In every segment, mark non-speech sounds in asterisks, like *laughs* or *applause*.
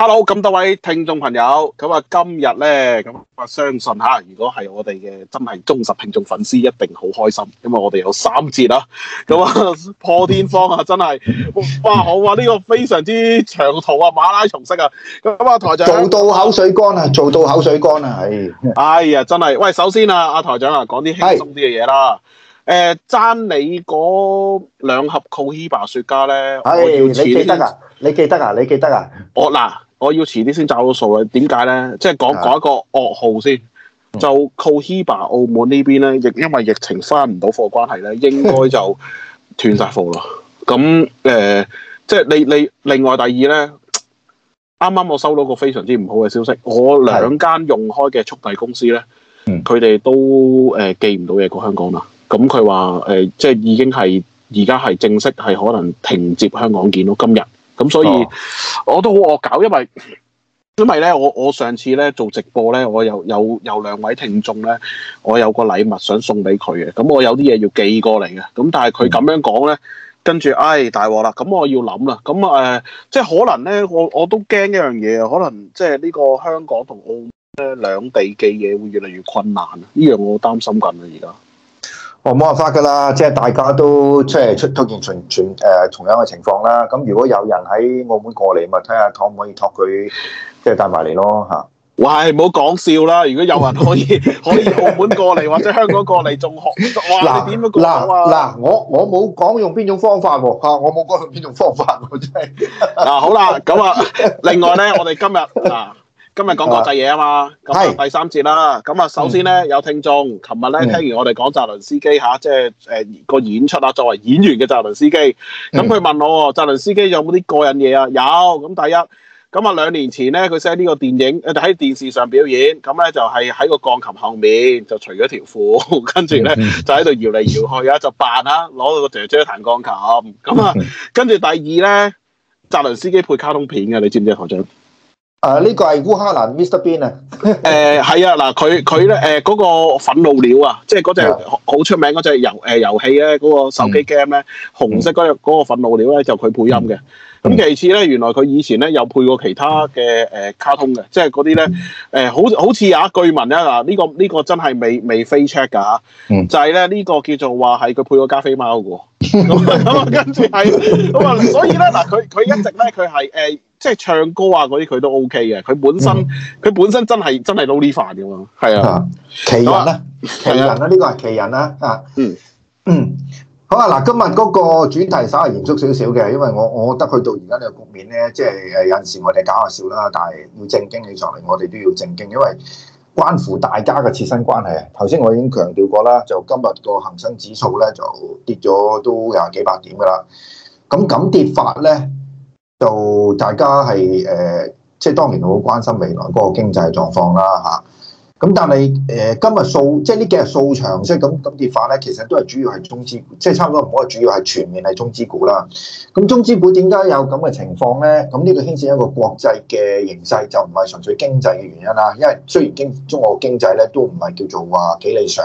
hello，咁多位聽眾朋友，咁啊今日咧，咁我相信吓，如果係我哋嘅真係忠實聽眾粉絲，一定好開心，因為我哋有三節啦，咁啊 *laughs* 破天荒啊，真係哇好啊，呢、這個非常之長途啊，馬拉松式啊，咁、嗯、啊台長做到口水乾啊，做到口水乾啊，唉、哎，哎呀真係，喂，首先啊，阿台長啊，講啲輕鬆啲嘅嘢啦，誒是，爭、呃、你嗰兩盒 Cohiba 雪茄咧，哎、我要錢，你記得啊，你記得啊，你記得啊，我嗱。我要遲啲先找到數啊！點解咧？即係講講一個噩耗先，就 Cohiba 澳門呢邊咧，亦因為疫情翻唔到貨關係咧，應該就斷晒貨咯。咁誒、 *laughs* 呃，即係你你另外第二咧，啱啱我收到個非常之唔好嘅消息，我兩間用開嘅速遞公司咧，佢哋 *laughs* 都誒寄唔到嘢過香港啦。咁佢話誒，即係已經係而家係正式係可能停接香港見到今日。咁所以、oh. 我都好惡搞，因為因為咧，我我上次咧做直播咧，我有有有兩位聽眾咧，我有個禮物想送俾佢嘅。咁、嗯、我有啲嘢要寄過嚟嘅。咁、嗯、但係佢咁樣講咧，跟住唉大鑊啦！咁、哎嗯、我要諗啦。咁、嗯、誒、呃，即係可能咧，我我都驚一樣嘢啊。可能即係呢個香港同澳咧兩地寄嘢會越嚟越困難。呢樣我擔心緊啊，而家。冇辦法噶啦，即係大家都出嚟出推薦全傳誒、呃、同樣嘅情況啦。咁如果有人喺澳門過嚟，咪睇下可唔可以託佢即係帶埋嚟咯嚇。喂！唔好講笑啦，如果有人可以 *laughs* 可以澳門過嚟或者香港過嚟仲好，哇！喇你點樣過到啊？嗱，我我冇講用邊種方法喎、啊、我冇講用邊種方法喎、啊、真係。嗱好啦，咁啊，另外咧，我哋今日嗱。今日講國際嘢啊嘛，咁第三節啦。咁啊首先咧有聽眾，琴日咧聽完我哋講澤倫斯基嚇，即係誒、呃、個演出啊，作為演員嘅澤倫斯基，咁佢問我喎，澤倫斯基有冇啲個人嘢啊？有，咁第一，咁啊兩年前咧佢寫呢個電影，喺電視上表演，咁咧就係喺個鋼琴後面就除咗條褲， *laughs* 跟住咧就喺度搖嚟搖去啊，就扮啊攞到個姐姐彈鋼琴，咁啊跟住第二咧，澤倫斯基配卡通片嘅，你知唔知啊？何啊！呢、這個係烏克蘭 Mr Bean、 *laughs* 呃、啊。誒，係啊，嗱、欸，佢佢咧，誒，嗰個憤怒鳥啊，即係嗰隻好出名嗰隻遊誒遊戲咧，嗰、mm hmm. 嗰個手機 game 咧，紅色嗰隻嗰個憤怒鳥咧，mm hmm. 就佢配音嘅。咁、mm hmm. 其次咧，原來佢以前咧有配過其他嘅誒卡通嘅，即係嗰啲咧，誒、欸，好好似有一據聞咧嗱，呢、這個呢、這個真係未未 face check 噶吓，mm hmm. 就係咧呢個叫做話係佢配過加菲貓噶，咁 *laughs* 啊， *laughs* 跟住係咁啊，所以咧嗱，佢佢 笑 religion 一直咧佢係誒。即係唱歌啊嗰啲佢都 OK 嘅，佢本身佢、嗯、本身真係真係 Lolita 係啊，奇人咧、啊，啊、奇人咧、啊，呢、啊、個係奇人啦啊，啊嗯嗯，好啊，嗱，今日嗰個轉題稍為嚴肅少少嘅，因為我我覺得去到而家呢個局面咧，即係誒有陣時我哋搞下笑啦，但係要正經起上嚟，我哋都要正經，因為關乎大家嘅切身關係啊。頭先我已經強調過啦，就今日個恒生指數咧就跌咗都有幾百點噶啦，咁咁跌法咧。就大家係誒、呃，即係當年好關心未來嗰個經濟狀況啦吓。咁、啊、但係誒、呃，今日數即係呢幾日數長，即係咁咁跌法咧，其實都係主要係中資，即係差唔多唔好話主要係全面係中資股啦。咁中資股點解有咁嘅情況咧？咁呢個牽涉一個國際嘅形勢，就唔係純粹經濟嘅原因啦。因為雖然經中國經濟咧都唔係叫做話幾理想，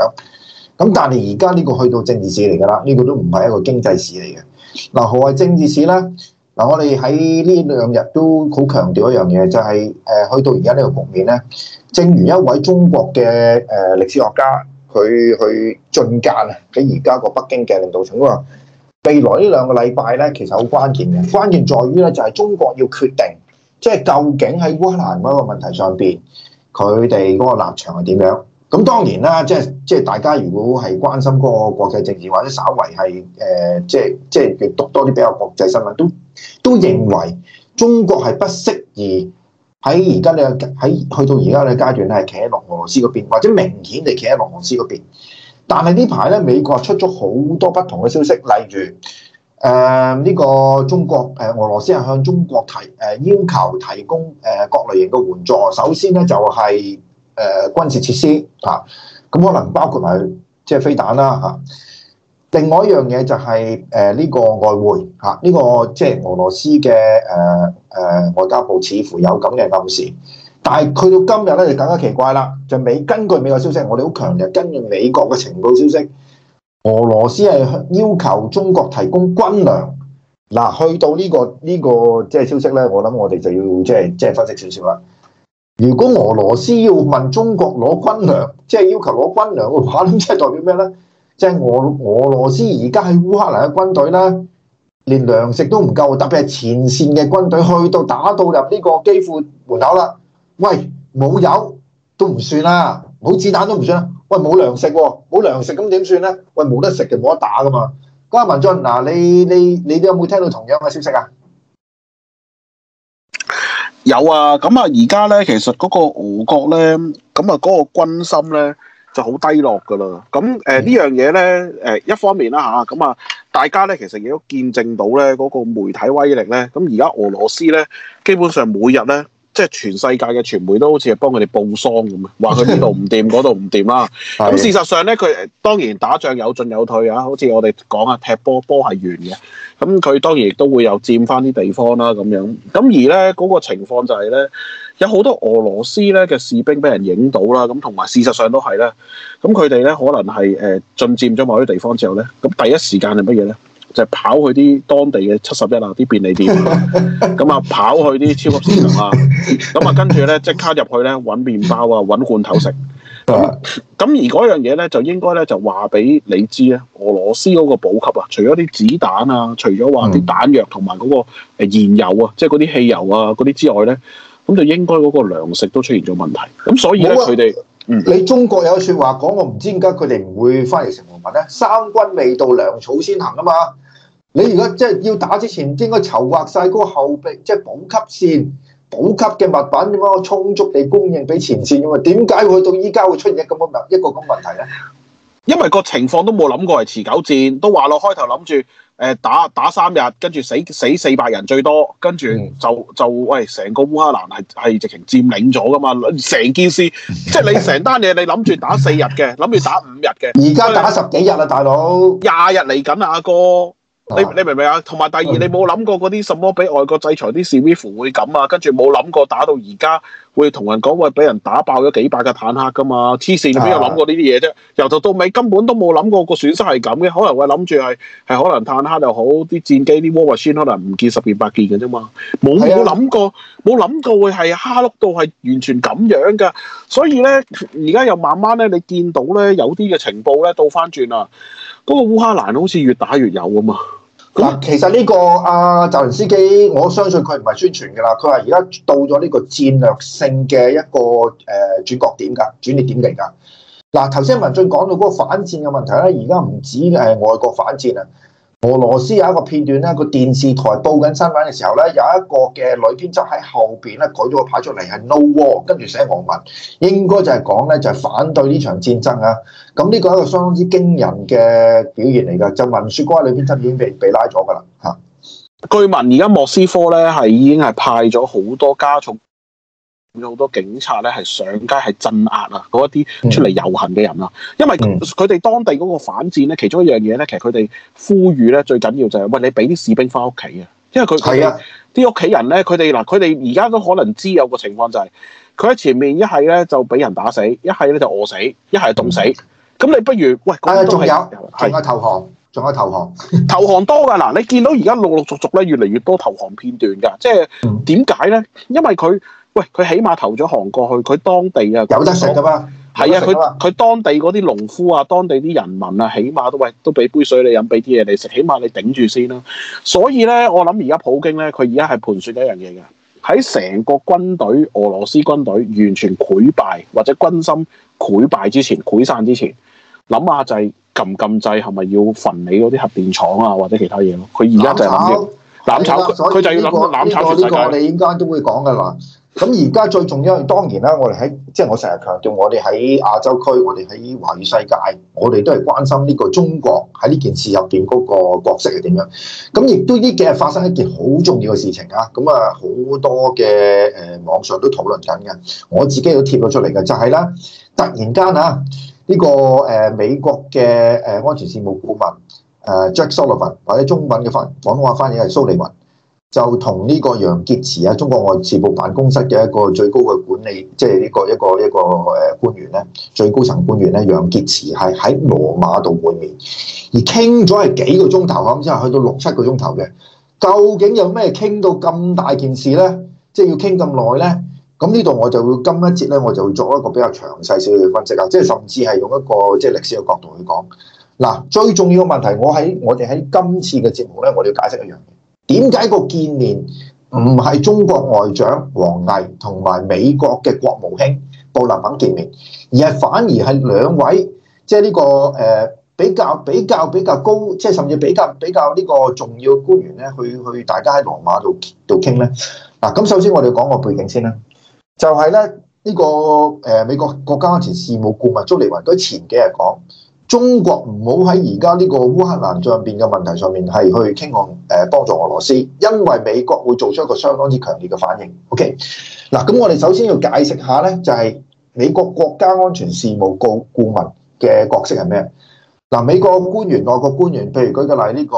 咁但係而家呢個去到政治市嚟噶啦，呢、這個都唔係一個經濟市嚟嘅。嗱、啊，何謂政治市咧？嗱，我哋喺呢兩日都好強調一樣嘢，就係誒去到而家呢個局面咧，正如一位中國嘅誒歷史學家，佢去進諫啊，喺而家個北京嘅領導層話，未來呢兩個禮拜咧，其實好關鍵嘅，關鍵在於咧就係中國要決定，即係究竟喺烏克蘭嗰個問題上邊，佢哋嗰個立場係點樣？咁當然啦，即係即係大家如果係關心嗰個國際政治，或者稍為係誒即係即係讀多啲比較國際新聞都。都認為中國係不適宜喺而家呢個喺去到而家呢個階段咧，係企喺落俄羅斯嗰邊，或者明顯地企喺俄羅斯嗰邊。但係呢排咧，美國出咗好多不同嘅消息，例如誒呢、呃這個中國誒俄羅斯係向中國提誒、呃、要求提供誒各類型嘅援助。首先咧就係、是、誒、呃、軍事設施啊，咁可能包括係即係飛彈啦嚇。啊。另外一樣嘢就係誒呢個外匯嚇，呢個即係俄羅斯嘅誒誒外交部似乎有咁嘅暗示，但係去到今日咧就更加奇怪啦，就美根據美國消息，我哋好強力根據美國嘅情報消息，俄羅斯係要求中國提供軍糧嗱，去到呢個呢個即係消息咧，我諗我哋就要即係即係分析少少啦。如果俄羅斯要問中國攞軍糧，即係要求攞軍糧嘅話，咁即係代表咩咧？即係俄俄羅斯而家喺烏克蘭嘅軍隊咧，連糧食都唔夠，特別係前線嘅軍隊去到打到入呢個基輔門口啦。喂，冇油都唔算啦，冇子彈都唔算啦。喂，冇糧食喎，啊，冇糧食咁點算咧？喂，冇得食就冇得打噶嘛。關、那個、文進嗱，你你你，你有冇聽到同樣嘅消息啊？有啊，咁啊，而家咧其實嗰個俄國咧，咁啊嗰個軍心咧。就好低落㗎啦，咁誒、呃、呢樣嘢咧，誒、呃、一方面啦嚇，咁啊大家咧其實亦都見證到咧，嗰、那個媒體威力咧，咁而家俄羅斯咧基本上每日咧。即係全世界嘅傳媒都好似係幫佢哋報喪咁啊，話佢呢度唔掂，嗰度唔掂啊！咁 *laughs* 事實上咧，佢當然打仗有進有退啊，好似我哋講啊，踢波波係圓嘅，咁佢當然亦都會有佔翻啲地方啦，咁樣。咁而咧嗰、嗰個情況就係、係、咧，有好多俄羅斯咧嘅士兵俾人影到啦，咁同埋事實上都係咧，咁佢哋咧可能係誒、呃、進佔咗某啲地方之後咧，咁第一時間係乜嘢咧？就跑去啲當地嘅七十一啊，啲便利店，咁啊 *laughs* 跑去啲超級市場啊，咁啊跟住咧即刻入去咧揾麪包啊，揾罐頭食。咁、 *laughs* 嗯嗯、而嗰樣嘢咧，就應該咧就話俾你知啊。俄羅斯嗰個補給啊，除咗啲子彈啊，除咗話啲彈藥同埋嗰個誒燃油，油啊，即係嗰啲汽油啊嗰啲之外咧，咁就應該嗰個糧食都出現咗問題。咁、嗯、所以咧佢哋，你中國有説話講，我唔知點解佢哋唔會翻嚟食農民咧？三軍未到糧草先行啊嘛～你而家即係要打之前，應該籌劃晒嗰個後備，即係補給線、補給嘅物品點樣充足地供應俾前線啊嘛？點解去到依家會出現一個咁嘅一個咁嘅問題咧？因為個情況都冇諗過係持久戰，都話咯開頭諗住誒打打三日，跟住死死四百人最多，跟住就就喂成個烏克蘭係係直情佔領咗噶嘛？成件事即係你成單嘢， *laughs* 你諗住打四日嘅，諗住打五日嘅，而家打十幾日啦，大佬廿日嚟緊啊，阿哥！你你明唔明啊？同埋第二，你冇諗過嗰啲什麼俾外國制裁啲事會會咁啊？跟住冇諗過打到而家會同人講話俾人打爆咗幾百架坦克噶嘛？黐線，你邊有諗過呢啲嘢啫？由頭到尾根本都冇諗過個損失係咁嘅，可能會諗住係係可能坦克又好，啲戰機啲 war machine 可能唔見十件八件嘅啫嘛，冇冇諗過冇諗過會係蝦碌到係完全咁樣噶。所以咧，而家又慢慢咧，你見到咧有啲嘅情報咧倒翻轉啦，嗰個烏克蘭好似越打越有啊嘛～咁其實呢、這個阿澤連斯基，我相信佢唔係宣傳㗎啦。佢話而家到咗呢個戰略性嘅一個誒、呃、轉角點㗎，轉捩點嚟㗎。嗱，頭先文進講到嗰個反戰嘅問題咧，而家唔止係外國反戰啊。俄羅斯有一個片段咧，個電視台報緊新聞嘅時候咧，有一個嘅女編輯喺後邊咧舉咗個牌出嚟係 No War，跟住寫俄文，應該就係講咧就係、是、反對呢場戰爭啊。咁呢個係一個相當之驚人嘅表現嚟噶，就文說嗰個女編輯已經被被拉咗噶啦。吓，據聞而家莫斯科咧係已經係派咗好多家重。有好多警察咧，係上街係鎮壓啊，嗰一啲出嚟遊行嘅人啦。因為佢哋當地嗰個反戰咧，其中一樣嘢咧，其實佢哋呼籲咧最緊要就係喂，你俾啲士兵翻屋企啊。因為佢係啊，啲屋企人咧，佢哋嗱，佢哋而家都可能知有個情況就係，佢喺前面一係咧就俾人打死，一係咧就餓死，一係凍死。咁你不如喂，係啊，仲有，仲可以投降，仲可以投降，投降多噶嗱。你見到而家陸陸續續咧，越嚟越多投降片段噶，即係點解咧？因為佢。喂，佢起碼投咗韓國去，佢當地啊有得食噶嘛？係啊，佢佢當地嗰啲農夫啊，當地啲人民啊，起碼都喂都俾杯水你飲，俾啲嘢你食，起碼你頂住先啦、啊。所以咧，我諗而家普京咧，佢而家係盤算一樣嘢嘅，喺成個軍隊、俄羅斯軍隊完全潰敗或者軍心潰敗之前、潰散之前，諗下就係撳撳掣，係咪要焚你嗰啲核電廠啊或者其他嘢咯、啊？佢而家就係要攬炒佢纜炒、這個，就係要攬攬炒全世界。呢個你應該都會講噶啦。咁而家最重要，當然啦，我哋喺即係我成日強調，我哋喺亞洲區，我哋喺華語世界，我哋都係關心呢個中國喺呢件事入邊嗰個角色係點樣。咁亦都呢幾日發生一件好重要嘅事情啊！咁啊，好多嘅誒網上都討論緊嘅，我自己都貼咗出嚟嘅，就係啦，突然間啊，呢個誒美國嘅誒安全事務顧問誒 Jack Sullivan 或者中文嘅翻廣東話翻譯係蘇利文。就同呢個楊潔篪啊，中國外事部辦公室嘅一個最高嘅管理，即係呢個一個一個誒官員咧，最高層官員咧，楊潔篪係喺羅馬度會面，而傾咗係幾個鐘頭咁之後，去到六七個鐘頭嘅，究竟有咩傾到咁大件事咧？即係要傾咁耐咧？咁呢度我就會今一節咧，我就會作一個比較詳細少少嘅分析啦，即係甚至係用一個即係歷史嘅角度去講。嗱，最重要嘅問題，我喺我哋喺今次嘅節目咧，我哋要解釋一樣嘢。點解個見面唔係中國外長王毅同埋美國嘅國務卿布林肯見面，而係反而係兩位即係呢個誒比較比較比較高，即係甚至比較比較呢個重要官員咧去去大家喺羅馬度度傾咧嗱。咁首先我哋講個背景先啦，就係咧呢個誒美國國家安全事務顧問朱利文都前幾日講。中國唔好喺而家呢個烏克蘭上面嘅問題上面係去傾向誒幫助俄羅斯，因為美國會做出一個相當之強烈嘅反應。OK，嗱，咁我哋首先要解釋下呢，就係美國國家安全事務顧顧問嘅角色係咩？嗱，美國官員、外國官員，譬如舉個例呢個誒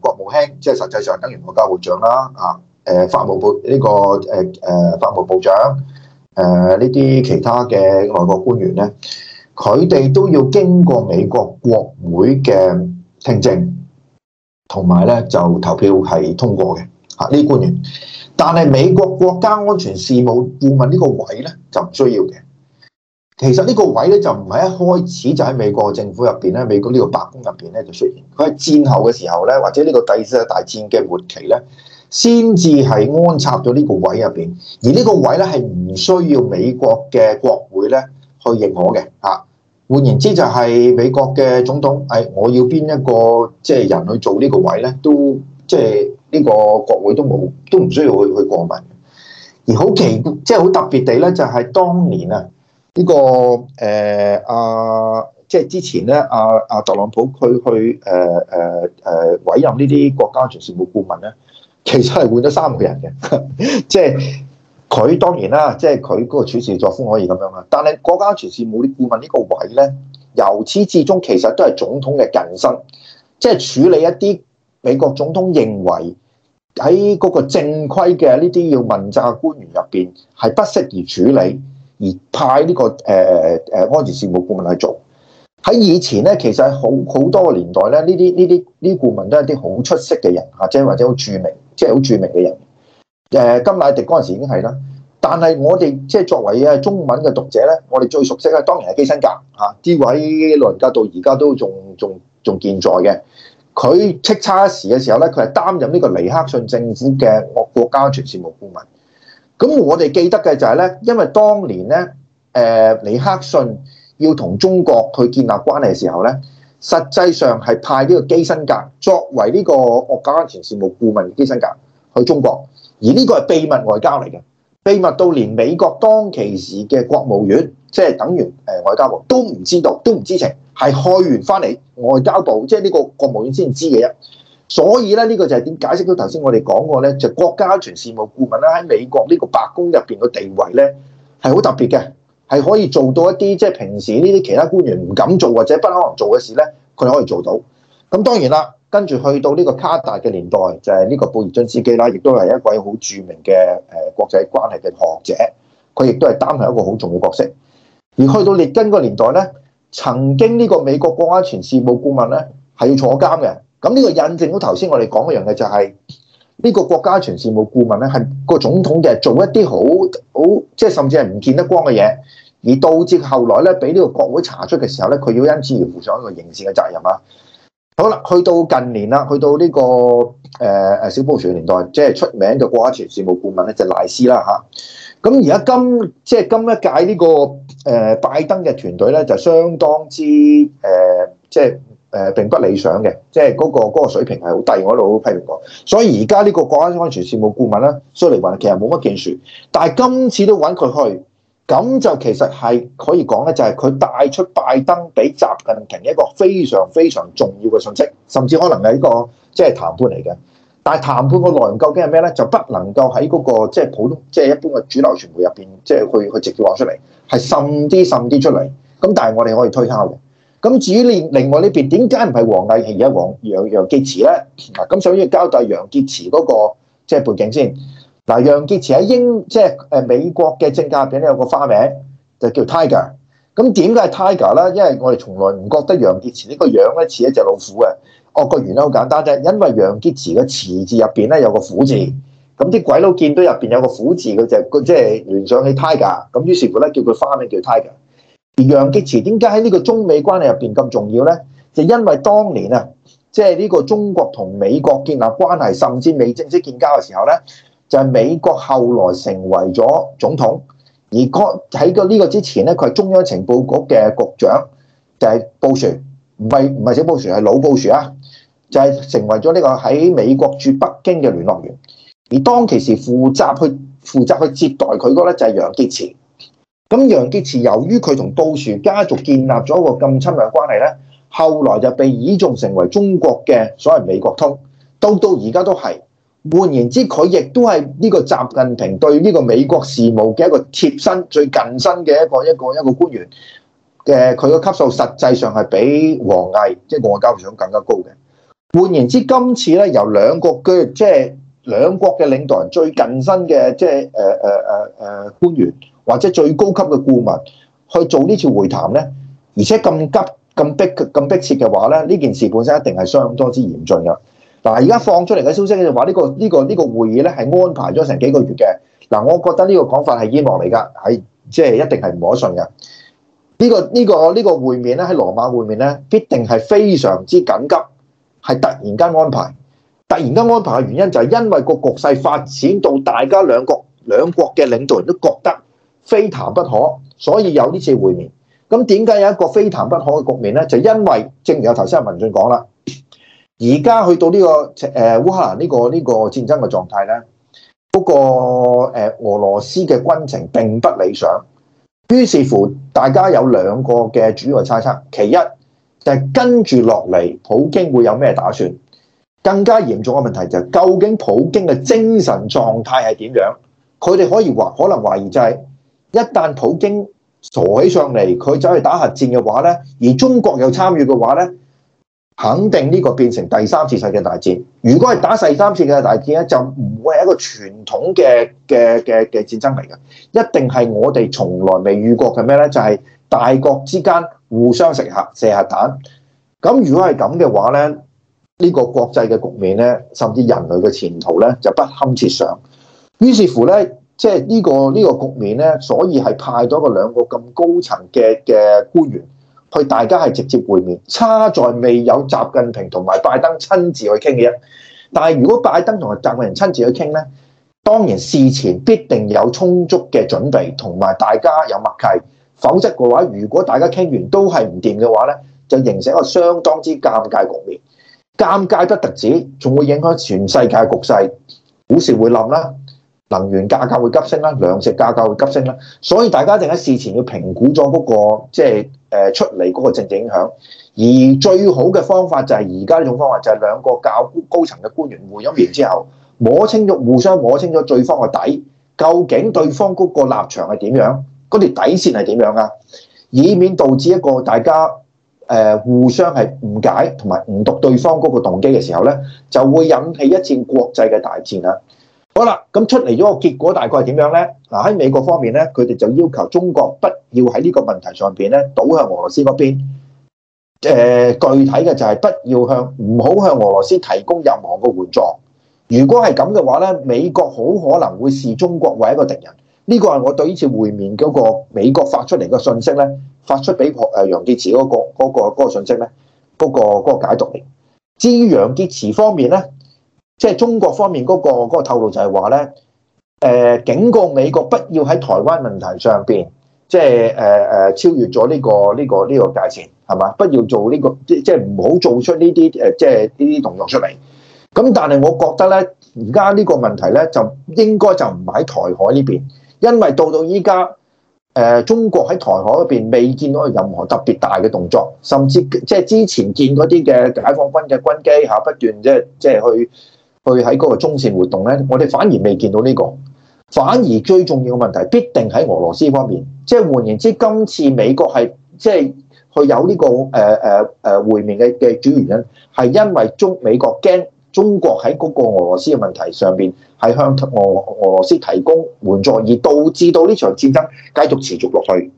國務卿，即係實際上等於國家會長啦，啊誒法務部呢個誒誒法務部長，誒呢啲其他嘅外國官員呢。佢哋都要經過美國國會嘅聽證，同埋咧就投票係通過嘅，嚇呢啲官員。但係美國國家安全事務顧問呢個位咧就唔需要嘅。其實呢個位咧就唔係一開始就喺美國政府入邊咧，美國呢個白宮入邊咧就出現。佢係戰後嘅時候咧，或者呢個第二次大戰嘅末期咧，先至係安插咗呢個位入邊。而呢個位咧係唔需要美國嘅國會咧去認可嘅，嚇。換言之，就係美國嘅總統，誒，我要邊一個即係人去做呢個位咧，都即係呢個國會都冇，都唔需要去去過問。而好奇，即係好特別地咧，這個呃啊，就係當年啊，呢個誒啊，即係之前咧，阿阿特朗普佢去誒誒誒委任呢啲國家安全事務顧問咧，其實係換咗三個人嘅，即 *laughs* 係，就是。佢當然啦，即係佢嗰個處事作風可以咁樣啊。但係國家安全事務顧問呢個位呢，由始至終其實都係總統嘅近身，即係處理一啲美國總統認為喺嗰個正規嘅呢啲要問責嘅官員入邊係不適宜處理，而派呢個誒誒安全事務顧問去做。喺以前呢，其實好好多個年代咧，呢啲呢啲呢顧問都係啲好出色嘅人啊，即係或者好著名，即係好著名嘅人。誒，金乃迪嗰陣時已經係啦，但係我哋即係作為啊中文嘅讀者咧，我哋最熟悉咧，當然係基辛格啊。呢位老人家到而家都仲仲仲健在嘅。佢叱咤一時嘅時候咧，佢係擔任呢個尼克遜政府嘅國國家安全事務顧問。咁我哋記得嘅就係、是、咧，因為當年咧，誒、呃、尼克遜要同中國去建立關係嘅時候咧，實際上係派呢個基辛格作為呢個國家安全事務顧問嘅基辛格去中國。而呢個係秘密外交嚟嘅，秘密到連美國當其時嘅國務院，即係等於誒外交部都唔知道，都唔知情，係開完翻嚟外交部，即係呢個國務院先知嘅。所以咧，呢個就係點解釋到頭先我哋講過咧，就國家安全事務顧問咧喺美國呢個白宮入邊嘅地位咧係好特別嘅，係可以做到一啲即係平時呢啲其他官員唔敢做或者不可能做嘅事咧，佢可以做到。咁當然啦。跟住去到呢個卡達嘅年代，就係、是、呢個布爾津斯基啦，亦都係一位好著名嘅誒國際關係嘅學者，佢亦都係擔任一個好重要角色。而去到列根個年代咧，曾經呢個美國國家安全事務顧問咧係要坐監嘅，咁呢個印證到頭先我哋講一樣嘅就係、是、呢、這個國家安全事務顧問咧係個總統嘅做一啲好好即係甚至係唔見得光嘅嘢，而導致後來咧俾呢個國會查出嘅時候咧，佢要因此而負上一個刑事嘅責任啊！好啦，去到近年啦，去到呢、這個誒誒、呃、小布什年代，即係出名嘅國家安，安全事務顧問咧，就賴、是、斯啦嚇。咁而家今即係今一屆呢、這個誒、呃、拜登嘅團隊咧，就相當之誒、呃、即係誒、呃、並不理想嘅，即係嗰、那個那個水平係好低。我一路批評過，所以而家呢個國家安，安全事務顧問咧，蘇利雲其實冇乜建樹，但係今次都揾佢去。咁就其實係可以講咧，就係佢帶出拜登俾習近平一個非常非常重要嘅信息，甚至可能係一個即係談判嚟嘅。但係談判個內容究竟係咩咧？就不能夠喺嗰個即係普通即係、即係、一般嘅主流傳媒入邊，即係去去直接話出嚟，係滲啲滲啲出嚟。咁但係我哋可以推敲嘅。咁至於另外呢邊點解唔係王毅係而家王楊楊潔篪咧？咁首先交代楊潔篪嗰個即係背景先。嗱，楊潔篪喺英即係誒美國嘅政界入邊咧，有個花名就叫 Tiger。咁點解係 Tiger 咧？因為我哋從來唔覺得楊潔篪呢個樣咧似一隻老虎嘅。哦，個原因好簡單啫，因為楊潔篪個篪字入邊咧有個虎字。咁啲鬼佬見到入邊有個虎字，佢就即係聯想起 Tiger。咁於是乎咧，叫佢花名叫 Tiger。而楊潔篪點解喺呢個中美關係入邊咁重要咧？就因為當年啊，即係呢個中國同美國建立關係，甚至未正式建交嘅時候咧。就係美國後來成為咗總統，而哥喺個呢個之前咧，佢係中央情報局嘅局長，就係、是、布殊，唔係唔係小布殊，係老布殊啊，就係、是、成為咗呢個喺美國駐北京嘅聯絡員，而當其時負責去負責去接待佢嗰咧就係楊潔篪，咁楊潔篪由於佢同布殊家族建立咗一個咁親密嘅關係咧，後來就被倚重成為中國嘅所謂美國通，到到而家都係。換言之，佢亦都係呢個習近平對呢個美國事務嘅一個貼身、最近身嘅一個一個一個官員嘅佢個級數，實際上係比王毅即係外交長更加高嘅。換言之，今次咧由兩國嘅即係兩國嘅領導人最近身嘅即係誒誒誒誒官員或者最高級嘅顧問去做呢次會談咧，而且咁急、咁逼、咁逼切嘅話咧，呢件事本身一定係相當之嚴峻嘅。嗱，而家放出嚟嘅消息咧、這個，就話呢個呢個呢個會議咧，係安排咗成幾個月嘅。嗱，我覺得呢個講法係煙幕嚟㗎，係即係一定係唔可信嘅。呢、這個呢、這個呢、這個會面咧，喺羅馬會面咧，必定係非常之緊急，係突然間安排。突然間安排嘅原因就係因為個局勢發展到大家兩國兩國嘅領導人都覺得非談不可，所以有呢次會面。咁點解有一個非談不可嘅局面咧？就因為正如我頭先文進講啦。而家去到呢個誒烏克蘭呢個呢個戰爭嘅狀態咧，不過、呃、俄羅斯嘅軍情並不理想。於是乎，大家有兩個嘅主要嘅猜測，其一就係跟住落嚟，普京會有咩打算？更加嚴重嘅問題就係、是、究竟普京嘅精神狀態係點樣？佢哋可以懷可能懷疑就係、是、一旦普京傻起上嚟，佢走去打核戰嘅話咧，而中國又參與嘅話咧。肯定呢個變成第三次世界大戰。如果係打第三次嘅大戰咧，就唔會係一個傳統嘅嘅嘅嘅戰爭嚟嘅，一定係我哋從來未遇過嘅咩咧？就係、係、大國之間互相食核射核彈。咁如果係咁嘅話咧，呢、呢個國際嘅局面咧，甚至人類嘅前途咧就不堪設想。於是乎咧，即係呢個呢、呢個局面咧，所以係派咗個兩個咁高層嘅嘅官員。去大家係直接會面，差在未有習近平同埋拜登親自去傾嘅。但係如果拜登同埋習近平親自去傾呢，當然事前必定有充足嘅準備，同埋大家有默契。否則嘅話，如果大家傾完都係唔掂嘅話呢，就形成一個相當之尷尬局面。尷尬不特止，仲會影響全世界局勢，股市會冧啦，能源價格會急升啦，糧食價格會急升啦。所以大家淨係事前要評估咗、那、嗰個即係。就是誒出嚟嗰個政治影響，而最好嘅方法就係而家呢種方法，就係兩個較高層嘅官員會咗面之後，摸清咗互相摸清咗對方嘅底，究竟對方嗰個立場係點樣，嗰條底線係點樣啊，以免導致一個大家誒、呃、互相係誤解同埋誤讀對方嗰個動機嘅時候呢，就會引起一戰國際嘅大戰啦。好啦，咁出嚟咗個結果大概係點樣呢？嗱喺美國方面呢，佢哋就要求中國不要喺呢個問題上邊咧倒向俄羅斯嗰邊。誒、呃，具體嘅就係不要向唔好向俄羅斯提供任何嘅援助。如果係咁嘅話呢，美國好可能會視中國為一個敵人。呢個係我對呢次會面嗰個美國發出嚟嘅信息呢，發出俾何誒楊潔篪嗰、那個嗰、那個、那個信息呢，嗰、那個、那個解讀嚟。至於楊潔篪方面呢。即係中國方面嗰個嗰個透露就係話咧，誒警告美國不要喺台灣問題上邊，即係誒誒超越咗呢個呢個呢個界線，係嘛？不要做呢個即係唔好做出呢啲誒即係呢啲動作出嚟。咁但係我覺得咧，而家呢個問題咧就應該就唔喺台海呢邊，因為到到依家誒中國喺台海嗰邊未見到任何特別大嘅動作，甚至即係之前見嗰啲嘅解放軍嘅軍機嚇不斷即係即係去。去喺嗰個中線活動咧，我哋反而未見到呢個，反而最重要嘅問題必定喺俄羅斯方面。即係換言之，今次美國係即係佢有呢個誒誒誒會面嘅嘅主要原因，係因為中美國驚中國喺嗰個俄羅斯嘅問題上邊係向俄俄羅斯提供援助，而導致到呢場戰爭繼續持續落去。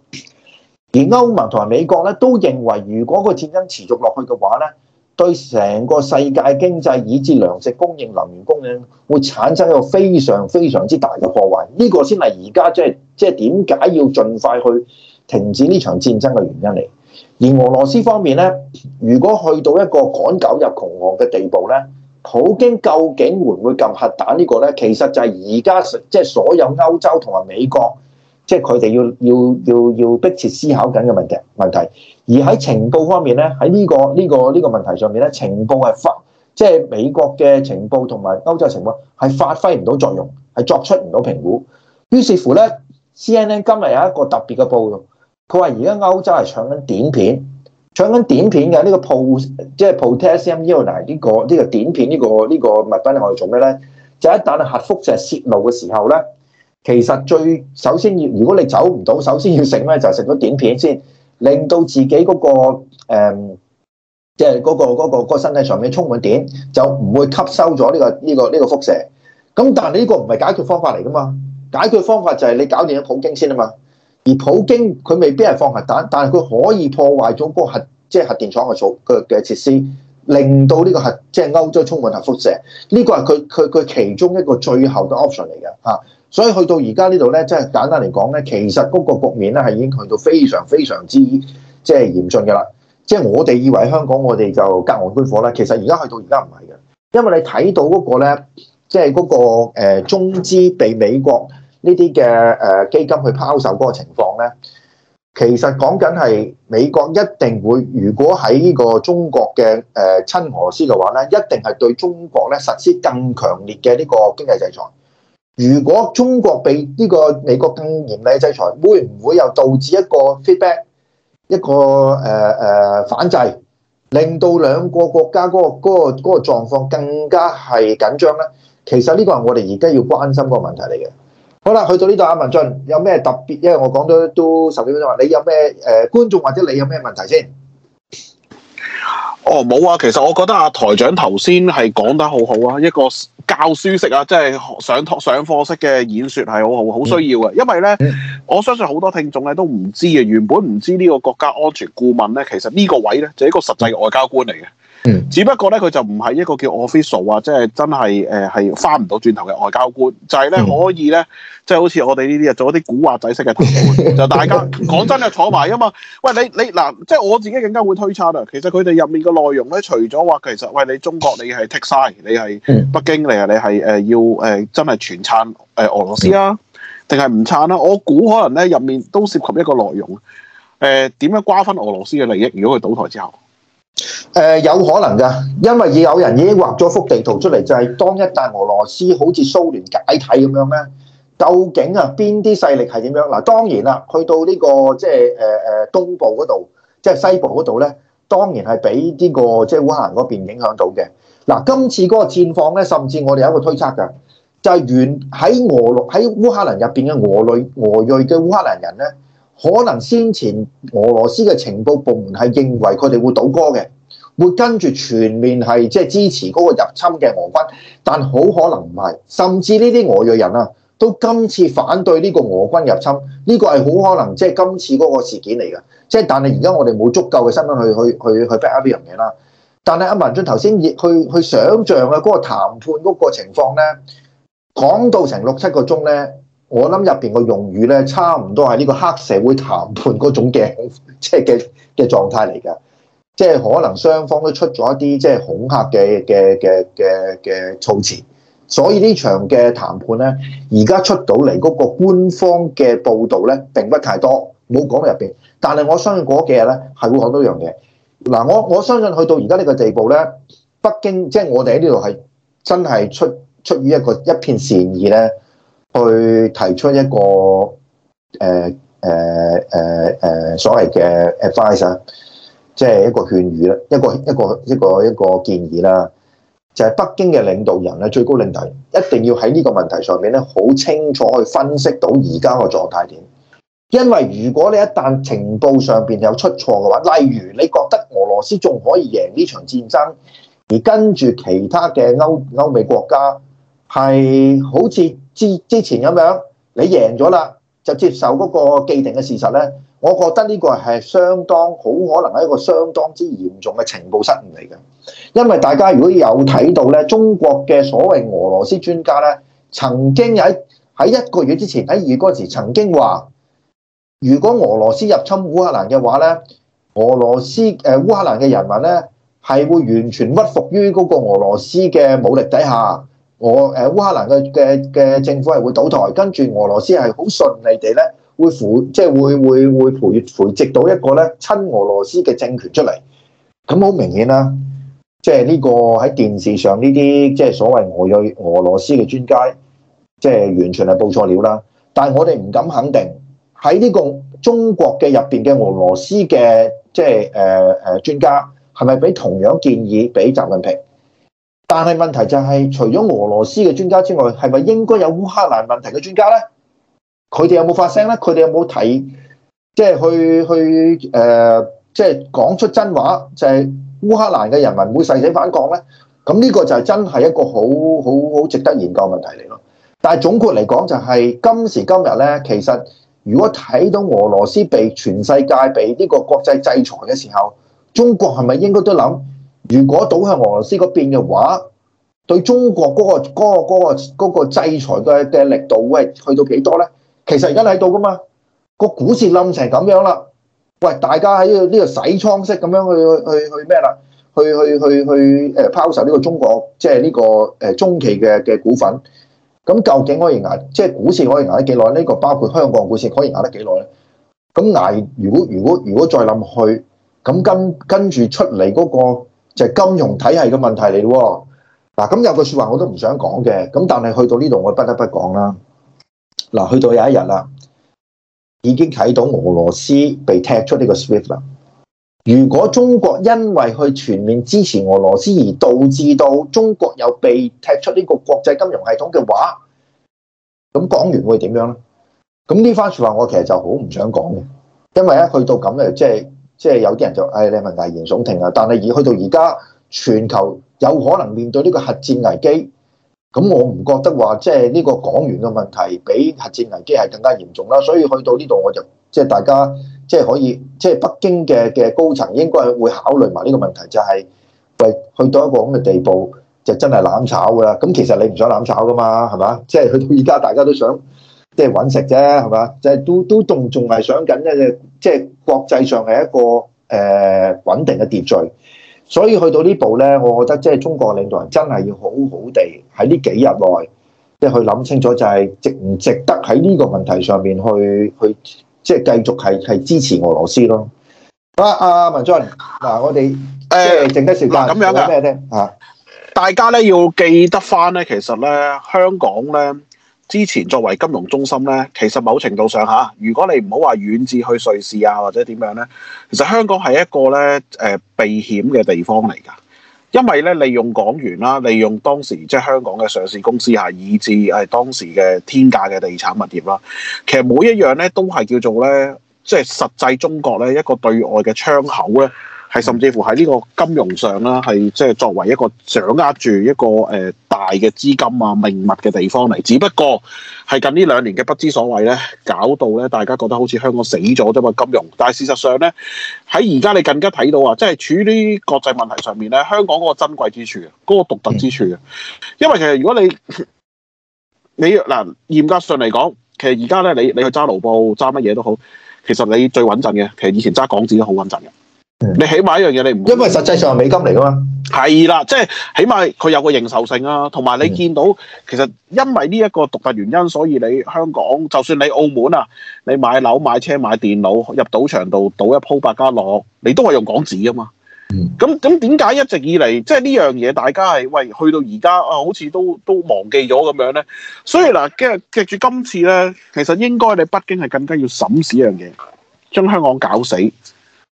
而歐盟同埋美國咧都認為，如果個戰爭持續落去嘅話咧。對成個世界經濟以至糧食供應、能源供應，會產生一個非常非常之大嘅破壞。呢個先係而家即係即係點解要盡快去停止呢場戰爭嘅原因嚟。而俄羅斯方面呢，如果去到一個趕狗入窮巷嘅地步呢，普京究竟會唔會撳核彈呢個呢，其實就係而家即係所有歐洲同埋美國。即係佢哋要要要要迫切思考緊嘅問題問題，而喺情報方面咧，喺呢個呢個呢個問題上面咧，情報係發即係美國嘅情報同埋歐洲嘅情報係發揮唔到作用，係作出唔到評估。於是乎咧，CNN 今日有一個特別嘅報導，佢話而家歐洲係搶緊碘片，搶緊碘片嘅呢個 po 即係 potassium 嗱，呢個呢個碘片呢個呢個物品，我哋做咩咧？就係一旦核輻射泄露嘅時候咧。其實最首先要，如果你走唔到，首先要食咩？就食咗碘片先，令到自己嗰、嗰個誒，即、嗯、係、就是嗰個、嗰個、嗰個身體上面充滿碘，就唔會吸收咗呢、呢個呢、呢個呢、呢個輻射。咁但係呢個唔係解決方法嚟噶嘛？解決方法就係你搞掂咗普京先啊嘛。而普京佢未必係放核彈，但係佢可以破壞咗嗰個核，即、就、係、是、核電廠嘅造嘅嘅設施，令到呢個核即係歐洲充滿核輻射。呢、呢個係佢佢佢其中一個最後嘅 option 嚟嘅吓。所以去到而家呢度咧，即係簡單嚟講咧，其實嗰個局面咧係已經去到非常非常之即係嚴峻嘅啦。即係我哋以為香港我哋就隔岸觀火咧，其實而家去到而家唔係嘅，因為你睇到嗰個咧，即係嗰個中資被美國呢啲嘅誒基金去拋售嗰個情況咧，其實講緊係美國一定會，如果喺呢個中國嘅誒親俄斯嘅話咧，一定係對中國咧實施更強烈嘅呢個經濟制裁。如果中國比呢個美國更嚴厲制裁，會唔會又導致一個 feedback，一個誒誒、呃呃、反制，令到兩個國家嗰個嗰個嗰個狀況更加係緊張咧？其實呢個係我哋而家要關心個問題嚟嘅。好啦，去到呢度，阿文進有咩特別？因為我講咗都十幾分鐘話，你有咩誒、呃、觀眾或者你有咩問題先？哦，冇啊。其實我覺得阿台長頭先係講得好好啊，一個。教書式啊，即係上堂上課式嘅演說係好好好需要嘅，因為咧，我相信好多聽眾咧都唔知啊。原本唔知呢個國家安全顧問咧，其實呢個位咧就係、是、一個實際嘅外交官嚟嘅，嗯、只不過咧佢就唔係一個叫 official 啊，即係真係誒係翻唔到轉頭嘅外交官，就係、是、咧、嗯、可以咧，即係好似我哋呢啲啊做一啲古惑仔式嘅， *laughs* 就大家講真啊坐埋啊嘛，喂你你嗱，即係我自己更加會推測啊，其實佢哋入面嘅內容咧，除咗話其實喂，你中國你係 take side，你係北京。你係誒要誒真係全撐誒俄羅斯啊，定係唔撐啦？我估可能咧入面都涉及一個內容誒，點樣瓜分俄羅斯嘅利益？如果佢倒台之後，誒有可能噶，因為已有人已經畫咗幅地圖出嚟，就係當一旦俄羅斯好似蘇聯解體咁樣咧，究竟啊邊啲勢力係點樣？嗱，當然啦，去到呢個即係誒誒東部嗰度，即係西部嗰度咧，當然係俾呢個即係烏克蘭嗰邊影響到嘅。嗱，今次嗰個戰況咧，甚至我哋有一個推測嘅，就係原喺俄喺烏克蘭入邊嘅俄裔俄裔嘅烏克蘭人咧，可能先前俄羅斯嘅情報部門係認為佢哋會倒戈嘅，會跟住全面係即係支持嗰個入侵嘅俄軍，但好可能唔係，甚至呢啲俄裔人啊，都今次反對呢個俄軍入侵，呢個係好可能即係今次嗰個事件嚟嘅。即係但係而家我哋冇足夠嘅身份去去去去 back up 呢樣嘢啦。但係阿、啊、文進頭先去去想象嘅嗰個談判嗰個情況咧，講到成六七個鐘咧，我諗入邊個用語咧，差唔多係呢個黑社會談判嗰種嘅即係嘅嘅狀態嚟噶，即係可能雙方都出咗一啲即係恐嚇嘅嘅嘅嘅嘅措辭，所以場談，呢場嘅談判咧，而家出到嚟嗰個官方嘅報道咧，並不太多，冇講入邊，但係我相信嗰日咧係會講到樣嘢。嗱，我我相信去到而家呢個地步咧，北京即係、就是、我哋喺呢度係真係出出於一個一片善意咧，去提出一個誒誒誒誒所謂嘅 advice 啊，即係一個勸喻啦，一個一個一個一個建議啦，就係、是、北京嘅領導人咧，最高領導人一定要喺呢個問題上面咧，好清楚去分析到而家個狀態點。因為如果你一旦情報上邊有出錯嘅話，例如你覺得俄羅斯仲可以贏呢場戰爭，而跟住其他嘅歐歐美國家係好似之之前咁樣，你贏咗啦，就接受嗰個既定嘅事實呢，我覺得呢個係相當好，可能係一個相當之嚴重嘅情報失誤嚟嘅。因為大家如果有睇到呢，中國嘅所謂俄羅斯專家呢，曾經喺喺一個月之前喺二月嗰陣時曾經話，如果俄羅斯入侵烏克蘭嘅話咧，俄羅斯誒、呃、烏克蘭嘅人民咧係會完全屈服於嗰個俄羅斯嘅武力底下，俄誒、呃、烏克蘭嘅嘅嘅政府係會倒台，跟住俄羅斯係好順利地咧會扶即係會會會、會培培植到一個咧親俄羅斯嘅政權出嚟，咁好明顯啦、啊，即係呢個喺電視上呢啲即係所謂俄裔俄羅斯嘅專家，即、就、係、是、完全係報錯料啦，但係我哋唔敢肯定。喺呢個中國嘅入邊嘅俄羅斯嘅即係誒誒專家，係咪俾同樣建議俾習近平？但係問題就係、是，除咗俄羅斯嘅專家之外，係咪應該有烏克蘭問題嘅專家咧？佢哋有冇發聲咧？佢哋有冇睇？即、就、係、是、去去誒，即、呃、係、就是、講出真話，就係、是、烏克蘭嘅人民會誓死反抗咧？咁呢個就係真係一個好好好值得研究嘅問題嚟咯。但係總括嚟講、就是，就係今時今日咧，其實。如果睇到俄羅斯被全世界被呢個國際制裁嘅時候，中國係咪應該都諗？如果倒向俄羅斯嗰邊嘅話，對中國嗰個嗰個嗰個嗰個制裁嘅嘅力度會去到幾多咧？其實而家喺度噶嘛，個股市冧成咁樣啦，喂，大家喺呢個洗倉式咁樣去去去咩啦？去去去去誒拋售呢個中國即係呢個誒中期嘅嘅股份。咁究竟可以挨，即係股市可以挨得幾耐？呢個包括香港股市可以挨得幾耐咧？咁挨，如果如果如果再諗去，咁跟跟住出嚟嗰個就係金融體系嘅問題嚟咯。嗱，咁有句說話我都唔想講嘅，咁但係去到呢度我不得不講啦。嗱，去到有一日啦，已經睇到俄羅斯被踢出呢個 SWIFT 啦。如果中國因為去全面支持俄羅斯而導致到中國又被踢出呢個國際金融系統嘅話，咁港元會點樣呢？咁呢番說話我其實就好唔想講嘅，因為咧去到咁咧，即係即係有啲人就誒、哎，你係危言聳聽啊！但係而去到而家，全球有可能面對呢個核戰危機，咁我唔覺得話即係呢個港元嘅問題比核戰危機係更加嚴重啦。所以去到呢度，我就即係、就是、大家。即係可以，即係北京嘅嘅高層應該係會考慮埋呢個問題，就係、是、為去到一個咁嘅地步，就真係攬炒㗎喇。咁其實你唔想攬炒㗎嘛，係嘛？即係去到而家大家都想即係揾食啫，係嘛？即係都都仲仲係想緊一即係國際上係一個誒、呃、穩定嘅秩序。所以去到步呢步咧，我覺得即係中國領導人真係要好好地喺呢幾日內，即係去諗清楚，就係值唔值得喺呢個問題上面去去。即係繼續係係支持俄羅斯咯。啊，阿、啊、文俊嗱，我哋即係剩低時間講咩咧？嚇，呢大家咧要記得翻咧，其實咧香港咧之前作為金融中心咧，其實某程度上嚇，如果你唔好話遠至去瑞士啊或者點樣咧，其實香港係一個咧誒、呃、避險嘅地方嚟㗎。因為咧，利用港元啦，利用當時即係香港嘅上市公司係，以至係當時嘅天價嘅地產物業啦。其實每一樣咧，都係叫做咧，即係實際中國咧一個對外嘅窗口咧。係，甚至乎喺呢個金融上啦，係即係作為一個掌握住一個誒、呃、大嘅資金啊命脈嘅地方嚟。只不過係近呢兩年嘅不知所謂咧，搞到咧大家覺得好似香港死咗啫嘛。金融，但係事實上咧，喺而家你更加睇到啊，即係處於啲國際問題上面咧，香港嗰個珍貴之處，嗰、嗰個獨特之處啊。因為其實如果你你嗱嚴格上嚟講，其實而家咧你你去揸盧布揸乜嘢都好，其實你最穩陣嘅。其實以前揸港紙都好穩陣嘅。嗯、你起碼一樣嘢你唔因為實際上係美金嚟噶嘛，係啦，即係起碼佢有個認受性啊，同埋你見到、嗯、其實因為呢一個獨特原因，所以你香港就算你澳門啊，你買樓、買車、買電腦、入賭場度賭一鋪百家樂，你都係用港紙噶嘛。咁咁點解一直以嚟即係呢樣嘢大家係喂去到而家啊，好似都都忘記咗咁樣咧？所以嗱，即係藉住今次咧，其實應該你北京係更加要審視一樣嘢，將香港搞死。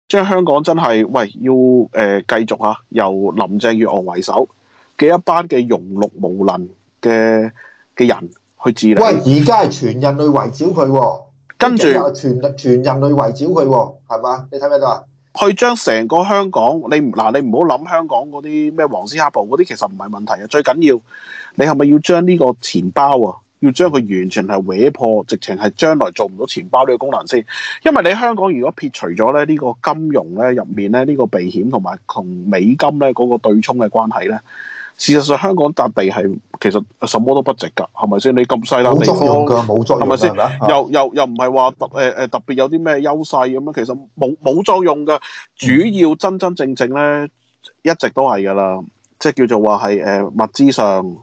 將香港真係喂要誒、呃、繼續吓、啊、由林鄭月娥為首嘅一班嘅庸碌無能嘅嘅人去治理。喂，而家係全人類圍剿佢、哦，跟住着全全人類圍剿佢、哦，係嘛？你睇咩噶？去將成個香港，你嗱你唔好諗香港嗰啲咩黃絲黑暴嗰啲，其實唔係問題啊。最緊要你係咪要將呢個錢包啊？要將佢完全係搲破，直情係將來做唔到錢包呢個功能先。因為你香港如果撇除咗咧呢、呢個金融咧入面咧呢、呢個避險同埋同美金咧嗰、嗰個對沖嘅關係咧，事實上香港笪地係其實什麼都不值㗎，係咪先？你咁細粒，冇作用㗎，冇說作用係咪先？又又又唔係話特誒誒、呃、特別有啲咩優勢咁樣，其實冇冇作用㗎。主要真真正正咧一直都係㗎啦，即係叫做話係誒物資上。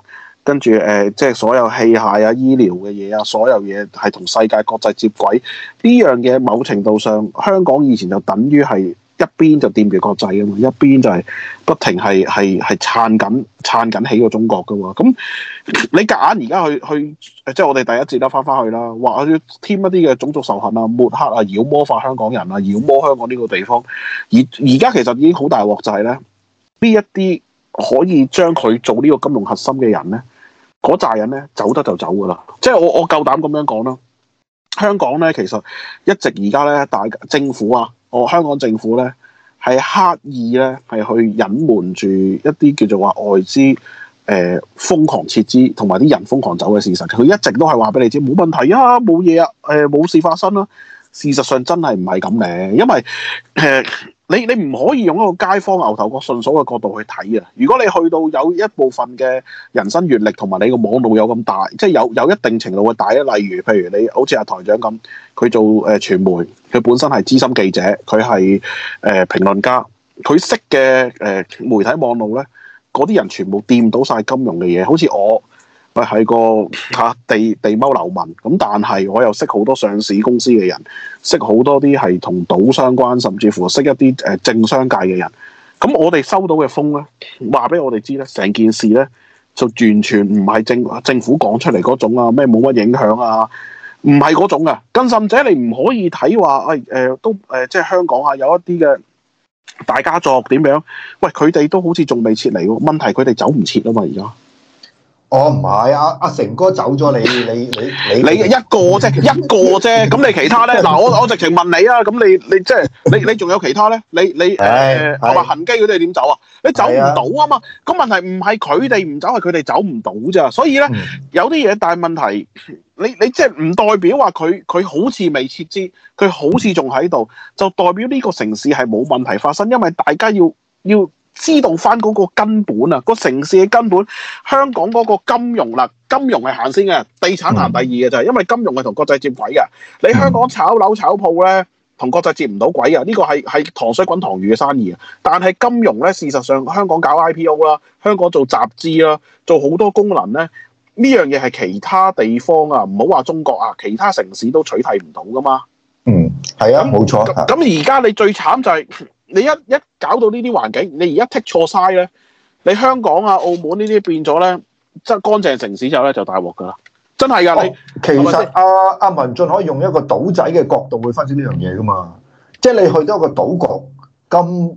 跟住誒，即、呃、係、就是、所有器械啊、醫療嘅嘢啊，所有嘢係同世界國際接軌。呢樣嘢某程度上，香港以前就等於係一邊就掂住國際嘅嘛，一邊就係不停係係係撐緊撐緊起個中國嘅喎。咁、嗯、你夾硬而家去去，即係我哋第一節啦，翻翻去啦，話要添一啲嘅種族仇恨啊、抹黑啊、妖魔化香港人啊、妖魔香港呢個地方。而而家其實已經好大鑊就係、是、咧，呢一啲可以將佢做呢個金融核心嘅人咧。嗰扎人咧走得就走噶啦，即係我我夠膽咁樣講啦。香港咧其實一直而家咧大政府啊，我、哦、香港政府咧係刻意咧係去隱瞞住一啲叫做話外資誒瘋狂撤資同埋啲人瘋狂走嘅事實，佢一直都係話俾你知冇問題啊，冇嘢啊，誒、呃、冇事發生啦、啊。事實上真係唔係咁嘅，因為誒、呃、你你唔可以用一個街坊牛頭角順嫂嘅角度去睇啊！如果你去到有一部分嘅人生閲歷同埋你個網路有咁大，即係有有一定程度嘅大咧，例如譬如你好似阿台長咁，佢做誒傳、呃、媒，佢本身係資深記者，佢係誒評論家，佢識嘅誒媒體網路咧，嗰啲人全部掂到晒金融嘅嘢，好似我。喂，係個吓、啊、地地踎流民，咁但係我又識好多上市公司嘅人，識好多啲係同賭相關，甚至乎識一啲誒、呃、政商界嘅人。咁、嗯、我哋收到嘅風咧，話俾我哋知咧，成件事咧就完全唔係政政府講出嚟嗰種啊，咩冇乜影響啊，唔係嗰種啊。更甚者，你唔可以睇話，誒、呃、誒都誒、呃、即係香港啊，有一啲嘅大家族點樣？喂，佢哋都好似仲未撤離，問題佢哋走唔切啊嘛，而家。我唔係啊！阿成哥走咗，你你你你一個啫， *laughs* 一個啫。咁 *laughs* 你其他咧？嗱， *laughs* 我我直情問你啊！咁你你即係你你仲有其他咧？你你誒同埋恒基佢哋點走啊？你走唔到啊嘛！咁是、啊、問題唔係佢哋唔走，係佢哋走唔到咋。所以咧，嗯、有啲嘢，但係問題，你你即係唔代表話佢佢好似未撤資，佢好似仲喺度，就代表呢個城市係冇問題發生，因為大家要要，要知道翻嗰個根本啊，個城市嘅根本，香港嗰個金融啦，金融係行先嘅，地產行第二嘅就係因為金融係同國際接軌嘅。嗯，你香港炒樓炒鋪咧，同國際接唔到軌啊！呢個係係塘水滾塘魚嘅生意啊。但係金融咧，事實上香港搞 IPO 啦，香港做集資啦，做好多功能咧，呢樣嘢係其他地方啊，唔好話中國啊，其他城市都取替唔到噶嘛。嗯，係啊，冇錯啊。咁而家你最慘就係。你一一搞到呢啲環境，你而家剔錯曬咧，你香港啊、澳門呢啲變咗咧，即係乾淨城市之後咧就大鑊噶啦，真係噶、哦、你。其實阿、啊、阿、啊、文進可以用一個賭仔嘅角度去分析呢樣嘢噶嘛，即、就、係、是、你去到一個賭局咁，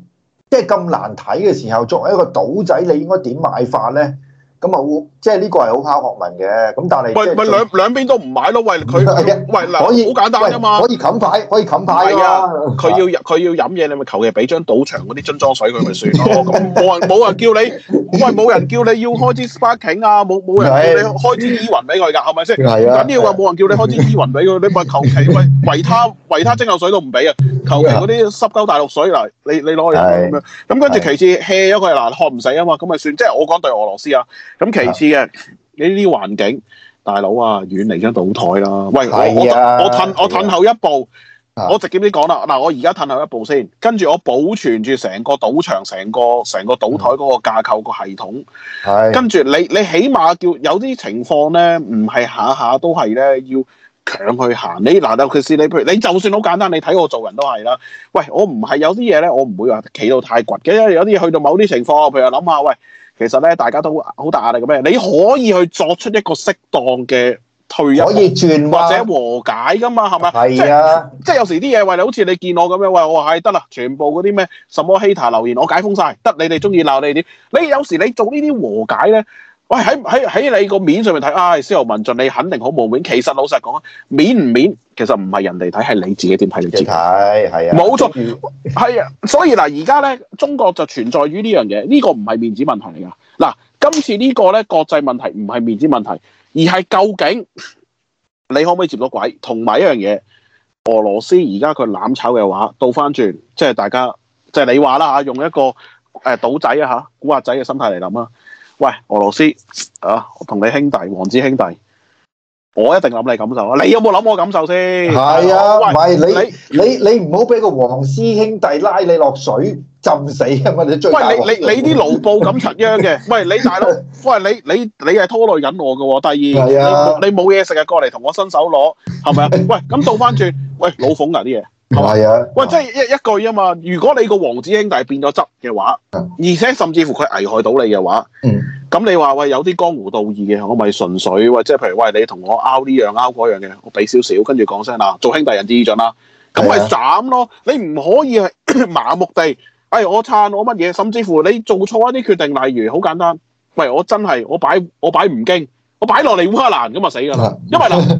即係咁難睇嘅時候，作為一個賭仔，你應該點買法咧？咁啊，即係呢個係好考學問嘅，咁但係唔係唔係兩兩邊都唔買咯？喂，佢 *laughs* 喂嗱，可以好簡單啊嘛，可以冚牌，可以冚牌噶、啊。佢 *laughs* 要佢要飲嘢，你咪求其俾張賭場嗰啲樽裝水佢咪算咯。咁冇人冇人叫你。喂，冇人叫你要開支 sparkling 啊，冇冇人叫你開支依雲俾佢㗎，係咪先？係啊，緊要啊，冇、啊、人叫你開支依雲俾佢，你咪求其喂維他維他蒸餾水都唔俾啊，求其嗰啲濕鳩大陸水嚟，你你攞嚟咁樣，咁跟住其次 hea 咗佢嗱，喝唔死啊嘛，咁咪算，即係我講對俄羅斯啊，咁其次嘅你呢啲環境，大佬啊，遠離咗倒台啦。喂，啊、我我褪我褪後一步。我直接啲講啦，嗱，我而家褪後一步先，跟住我保存住成個賭場、成個成個賭台嗰個架構個系統，係、嗯。跟住你，你起碼叫有啲情況咧，唔係下下都係咧，要強去行。你嗱，尤其是你，譬如你就算好簡單，你睇我做人都係啦。喂，我唔係有啲嘢？咧，我唔會話企到太倔嘅，有啲嘢去到某啲情況，譬如諗下，喂，其實咧大家都好大壓力嘅咩？你可以去作出一個適當嘅。退可以轉或者和解噶嘛，係咪？係啊即，即係有時啲嘢喂，好似你見我咁樣喂，我話得啦，全部嗰啲咩什麼希 a 留言，我解封晒。」得你哋中意鬧你啲。你有時你做呢啲和解咧，喂喺喺喺你個面上面睇，唉、哎，斯文文靜，你肯定好冇面。其實老實講，面唔面其實唔係人哋睇，係你自己點睇你自己睇係啊，冇錯，係 *laughs* 啊。所以嗱，而家咧中國就存在於呢樣嘢，呢、這個唔係面子問題嚟㗎。嗱，今次個呢個咧國際問題唔係面子問題。而係究竟你可唔可以接到鬼？同埋一樣嘢，俄羅斯而家佢攬炒嘅話倒翻轉，即係大家即係、就是、你話啦吓，用一個誒賭、呃、仔啊吓，古惑仔嘅心態嚟諗啦。喂，俄羅斯啊，同你兄弟王子兄弟，我一定諗你感受啊。你有冇諗我感受先？係啊，唔係你你你唔好俾個黃絲兄弟拉你落水。浸死啊！嘛，你喂你你你啲奴僕咁出秧嘅。 *laughs* 喂你大佬，喂你你你係拖累緊我嘅喎。第二係啊，你冇嘢食啊，過嚟同我伸手攞係咪啊？喂，咁倒翻轉，喂老奉啊啲嘢係咪啊，喂即係一一句啊嘛。如果你個王子兄弟變咗質嘅話，啊、而且甚至乎佢危害到你嘅話，嗯，咁你話喂有啲江湖道義嘅，我咪純粹喂即係譬如喂你同我拗呢樣拗嗰樣嘅，我俾少少跟住講聲啊，做兄弟仁至義盡啦，咁咪、啊啊、斬咯。你唔可以係 *coughs* 麻木地。誒、哎、我撐我乜嘢，甚至乎你做錯一啲決定，例如好簡單，喂我真係我擺我擺吳京，我擺落嚟烏克蘭咁啊死㗎啦！因為 *laughs*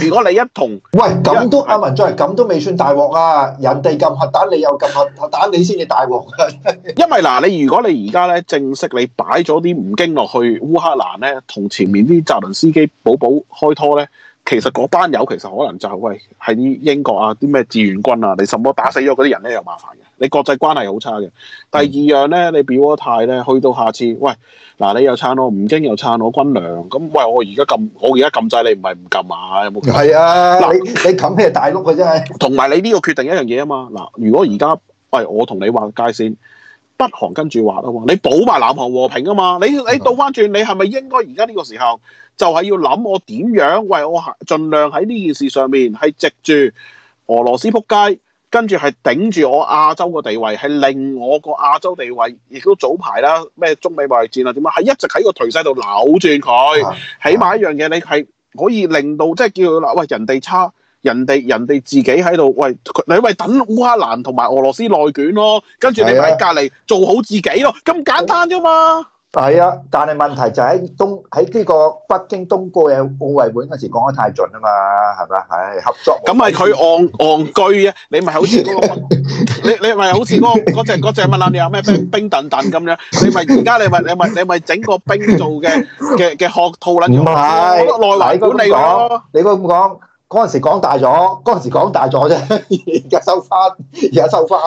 如果你一同喂咁都阿一、啊、文再係咁都未算大鑊啊，人哋撳核彈你又撳核核彈，你先至大鑊、啊。 *laughs* 因為嗱、呃、你如果你而家咧正式你擺咗啲吳京落去烏克蘭咧，同前面啲澤連司機寶寶開拖咧。其實嗰班友其實可能就係、喂係英國啊啲咩志願軍啊，你什麼打死咗嗰啲人咧又麻煩嘅，你國際關係好差嘅。第二樣咧，你表個態咧，去到下次喂嗱，你又撐我，唔經又撐我軍糧，咁喂我而家撳我而家撳制你唔係唔撳啊？有冇？係啊，喏你你撳咩大碌嘅啫？係？同埋你呢個決定一樣嘢啊嘛嗱，如果而家喂我同你劃界線。北韓跟住話啊！喎，你保埋南韓和平啊嘛？你你倒翻轉，你係咪應該而家呢個時候就係要諗我點樣？喂，我盡量喺呢件事上面係藉住俄羅斯撲街，跟住係頂住我亞洲個地位，係令我個亞洲地位亦都早排啦。咩中美貿易戰啊？點啊？係一直喺個頹勢度扭轉佢。的起碼一樣嘢，你係可以令到即係叫佢喂人哋差。人哋人哋自己喺度，喂，你喂等烏克蘭同埋俄羅斯內捲咯，跟住你咪喺隔籬做好自己咯，咁簡單啫嘛。係啊，但係問題就喺冬喺呢個北京冬奧會嗰時講得太準啊嘛，係咪啊？唉，合作。咁咪佢戇戇居啊？你咪好似嗰個，你你咪好似嗰個嗰隻嗰隻蚊啊，你有咩冰冰燉燉咁樣？你咪而家你咪你咪你咪整個冰做嘅嘅嘅學套啦，唔係內來管理咯，你咁講。嗰陣時講大咗，嗰陣時講大咗啫，而家收翻，而家收翻。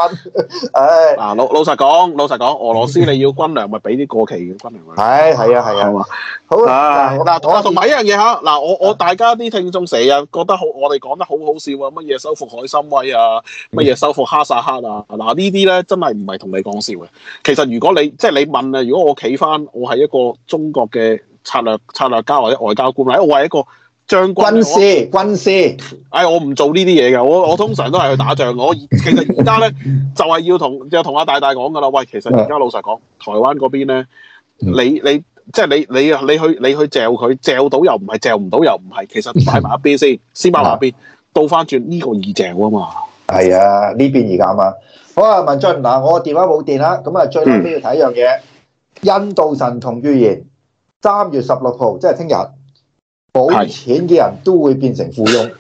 唉、哎，嗱老老實講，老實講，俄羅斯你要軍糧咪俾啲過期嘅軍糧咪？係係啊係啊嘛，好。嗱嗱同埋一樣嘢嚇，嗱、啊、我我、啊、大家啲聽眾成日覺得好，我哋講得好好笑啊！乜嘢收復海參崴啊？乜嘢收復哈薩克啊？嗱呢啲咧真係唔係同你講笑嘅。其實如果你即係你問啊，如果我企翻，我係一個中國嘅策略策略家或者外交官，我係一個，將軍，軍師，哎,我唔做呢啲嘢嘅，我我通常都係去打仗。我其實而家咧就係要同就同阿大大講噶啦，喂，其實而家老實講，台灣嗰邊咧，你你即係、就是、你你啊，你去你去嚼佢嚼到又唔係，嚼唔到又唔係，其實擺埋一邊先，先把華邊倒翻轉呢個易嚼啊嘛。係啊，呢邊而家啊。好啊，文進嗱，我電話冇電啦，咁啊，最後都要睇一樣嘢，印度神童預言三月十六號，即係聽日。冇錢嘅人都會變成富翁，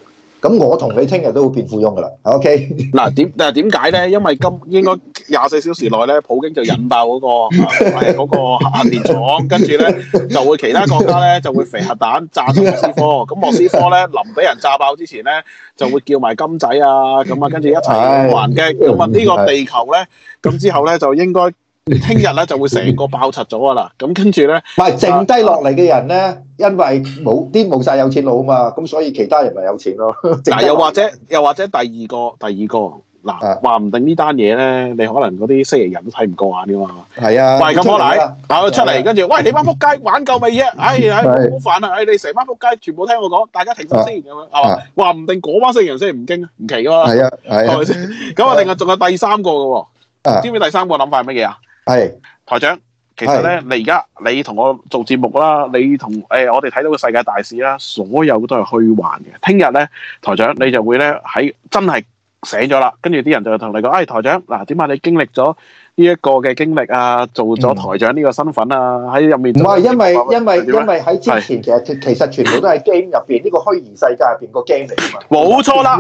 咁我同你聽日都會變富翁噶啦。O K，嗱點，但係點解咧？因為今應該廿四小時內咧，普京就引爆嗰、那個 *laughs* 個核電廠，跟住咧就會其他國家咧就會肥核彈炸到莫斯科，咁 *laughs* 莫斯科咧臨俾人炸爆之前咧就會叫埋金仔啊，咁啊，跟住一齊還擊，咁啊呢個地球咧，咁之後咧就應該。聽日咧就會成個爆拆咗啊啦，咁跟住咧，唔係剩低落嚟嘅人咧，因為冇跌冇晒有錢佬啊嘛，咁所以其他人咪有錢咯。又或者又或者第二個第二個嗱，話唔定呢單嘢咧，你可能嗰啲星期人都睇唔過眼噶嘛。係啊，賣咁多奶打咗出嚟，跟住喂你班仆街玩夠未啫？哎好煩啊！哎你成班仆街全部聽我講，大家停手先咁樣係嘛？話唔定嗰班星期人先唔驚唔奇咯。係啊，係咪先？咁啊，另外仲有第三個噶喎。知唔知第三個諗法係乜嘢啊？係台長，其實咧的，你而家你同我做節目啦，你同誒、哎、我哋睇到嘅世界大事啦，所有都係虛幻嘅。聽日咧，台長，你就會咧喺真係醒咗啦，跟住啲人就同你講，哎，台長，嗱，點解你經歷咗？呢一個嘅經歷啊，做咗台長呢個身份啊，喺入面唔係因為因為因為喺之前其實其實全部都係 game 入邊呢個虛擬世界入邊個 game 嚟啊。冇錯啦，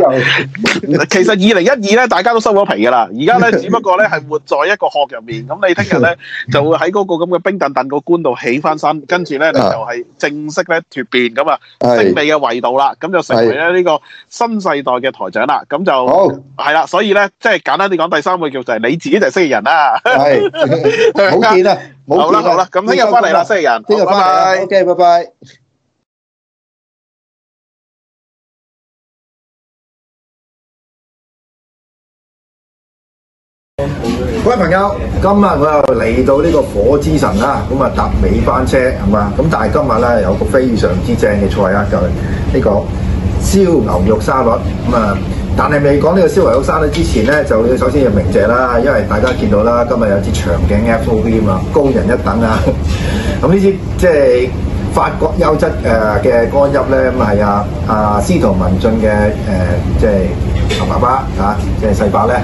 其實二零一二咧大家都收咗皮噶啦，而家咧只不過咧係活在一個殼入面，咁你聽日咧就會喺嗰個咁嘅冰凍凍個棺度起翻身，跟住咧你就係正式咧蛻變咁啊升尾嘅維度啦，咁就成為咧呢個新世代嘅台長啦，咁就係啦，所以咧即係簡單啲講，第三個叫做係你自己就係蜥蜴人啦。係，冇 *laughs* 見，見好好啦，冇啦冇啦，咁聽日翻嚟啦，西人，聽日翻嚟，OK，拜拜。Okay, bye bye 各位朋友，今日我嚟到呢個火之神啦，咁啊搭尾班車係嘛？咁但係今日咧有個非常之正嘅菜啊，就係呢個燒牛肉沙律咁啊。嗯但係未講呢個燒維克生之前咧，就要首先要鳴謝啦，因為大家見到啦，今日有支長頸 FOV 啊，高人一等啊！咁 *laughs* 呢、嗯、支，即係法國優質誒嘅乾邑咧，咁係啊啊，司徒文進嘅誒，即係爸爸啊，即係細伯咧，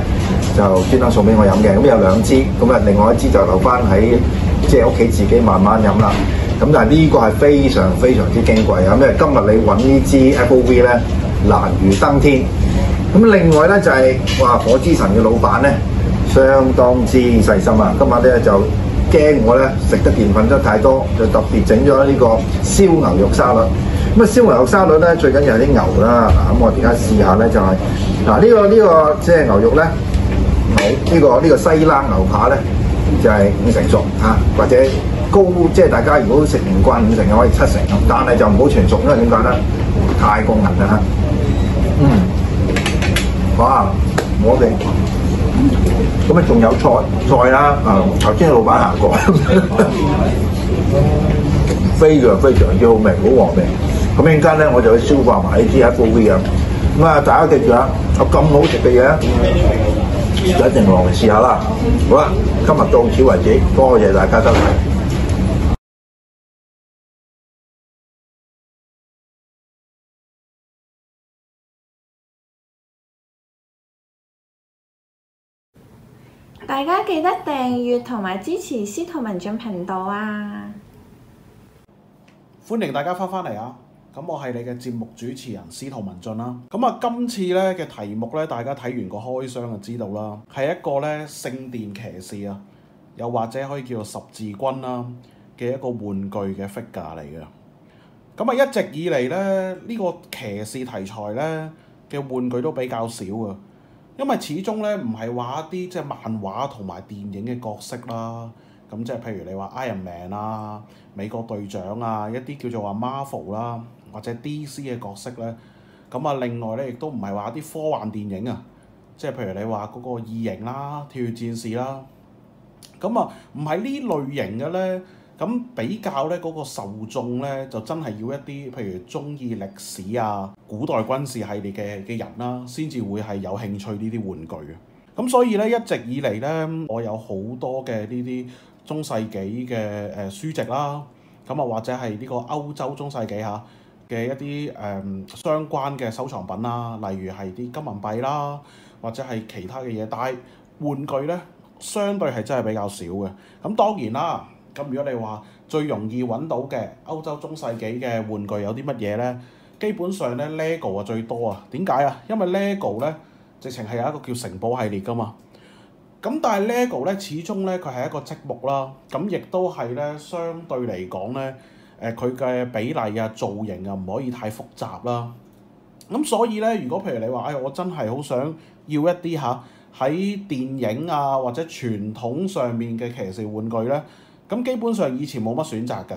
就專登送俾我飲嘅。咁、嗯、有兩支，咁、嗯、啊，另外一支就留翻喺即係屋企自己慢慢飲啦。咁、嗯、但係呢個係非常非常之矜貴啊！咩、嗯？今日你揾呢支 FOV 咧，難如登天。咁另外咧就係、是、哇，火之神嘅老闆咧，相當之細心啊！今日咧就驚我咧食得澱粉質太多，就特別整咗呢個燒牛肉沙律。咁、嗯、啊，燒牛肉沙律咧最緊要係啲牛啦。咁、啊啊、我而家試下咧？就係、是、嗱，呢、啊這個呢、這個即係牛肉咧，好、這、呢個呢、這個西冷牛扒咧，就係五成熟啊，或者高即係大家如果食唔慣五成嘅，可以七成，但係就唔好全熟，因為點解咧？太過銀啦嚇。嗯。哇，好味！咁啊，仲有菜菜啦，啊！頭先老闆行過，非常非常之好味，好和味。咁一陣間咧，我就去消化埋呢啲 F V 啊。咁啊，大家記住啊，有咁好食嘅嘢，大家一定落嚟試下啦。好啦，今日到此為止，多謝大家收睇。大家記得訂閱同埋支持司徒文進頻道啊！歡迎大家返返嚟啊！咁我係你嘅節目主持人司徒文進啦。咁啊，今次咧嘅題目咧，大家睇完個開箱就知道啦，係一個咧聖殿騎士啊，又或者可以叫做十字軍啦嘅一個玩具嘅 figure 嚟嘅。咁啊，一直以嚟咧呢個騎士題材咧嘅玩具都比較少啊。因為始終咧，唔係話一啲即係漫畫同埋電影嘅角色啦，咁即係譬如你話 Iron Man 啦、啊、美國隊長啊，一啲叫做話 Marvel 啦、啊，或者 DC 嘅角色咧，咁啊，另外咧亦都唔係話一啲科幻電影啊，即係譬如你話嗰個異形啦、啊、跳血戰士啦，咁啊，唔係呢類型嘅咧。咁比較咧，嗰個受眾咧就真係要一啲，譬如中意歷史啊、古代軍事系列嘅嘅人啦、啊，先至會係有興趣呢啲玩具嘅。咁所以咧，一直以嚟咧，我有好多嘅呢啲中世紀嘅誒書籍啦、啊，咁啊或者係呢個歐洲中世紀嚇、啊、嘅一啲誒、嗯、相關嘅收藏品啦、啊，例如係啲金銀幣啦、啊，或者係其他嘅嘢，但係玩具咧，相對係真係比較少嘅。咁當然啦。咁如果你話最容易揾到嘅歐洲中世紀嘅玩具有啲乜嘢咧？基本上咧，LEGO 啊最多啊。點解啊？因為 LEGO 咧，直情係有一個叫城堡系列㗎嘛。咁但係 LEGO 咧，始終咧佢係一個積木啦。咁亦都係咧，相對嚟講咧，誒佢嘅比例啊、造型啊，唔可以太複雜啦。咁所以咧，如果譬如你話，誒、哎、我真係好想要一啲嚇喺電影啊或者傳統上面嘅騎士玩具咧。咁基本上以前冇乜選擇㗎，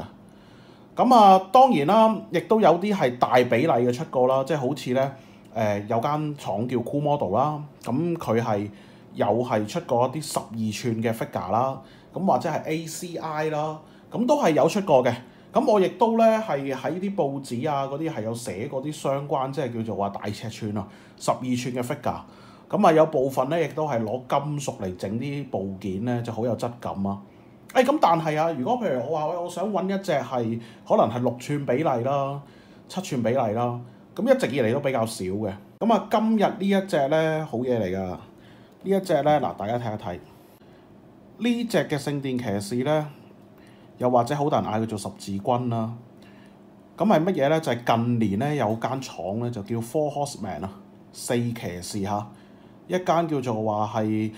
咁啊當然啦，亦都有啲係大比例嘅出過啦，即係好似咧誒有間廠叫 Cool Model 啦，咁佢係又係出過一啲十二寸嘅 figure 啦，咁或者係 ACI 啦，咁都係有出過嘅。咁我亦都咧係喺啲報紙啊嗰啲係有寫嗰啲相關，即係叫做話大尺寸啊，十二寸嘅 figure，咁啊有部分咧亦都係攞金屬嚟整啲部件咧，就好有質感啊！誒咁，哎，但係啊，如果譬如我話，我我想揾一隻係，可能係六寸比例啦，七寸比例啦，咁一直以嚟都比較少嘅。咁、嗯、啊，今日呢一隻咧，好嘢嚟噶。呢一隻咧，嗱大家睇一睇，呢隻嘅聖殿騎士咧，又或者好多人嗌佢做十字軍啦，啊。咁係乜嘢咧？就係、是、近年咧有間廠咧就叫 Four Horseman 啊，四騎士嚇，啊，一間叫做話係。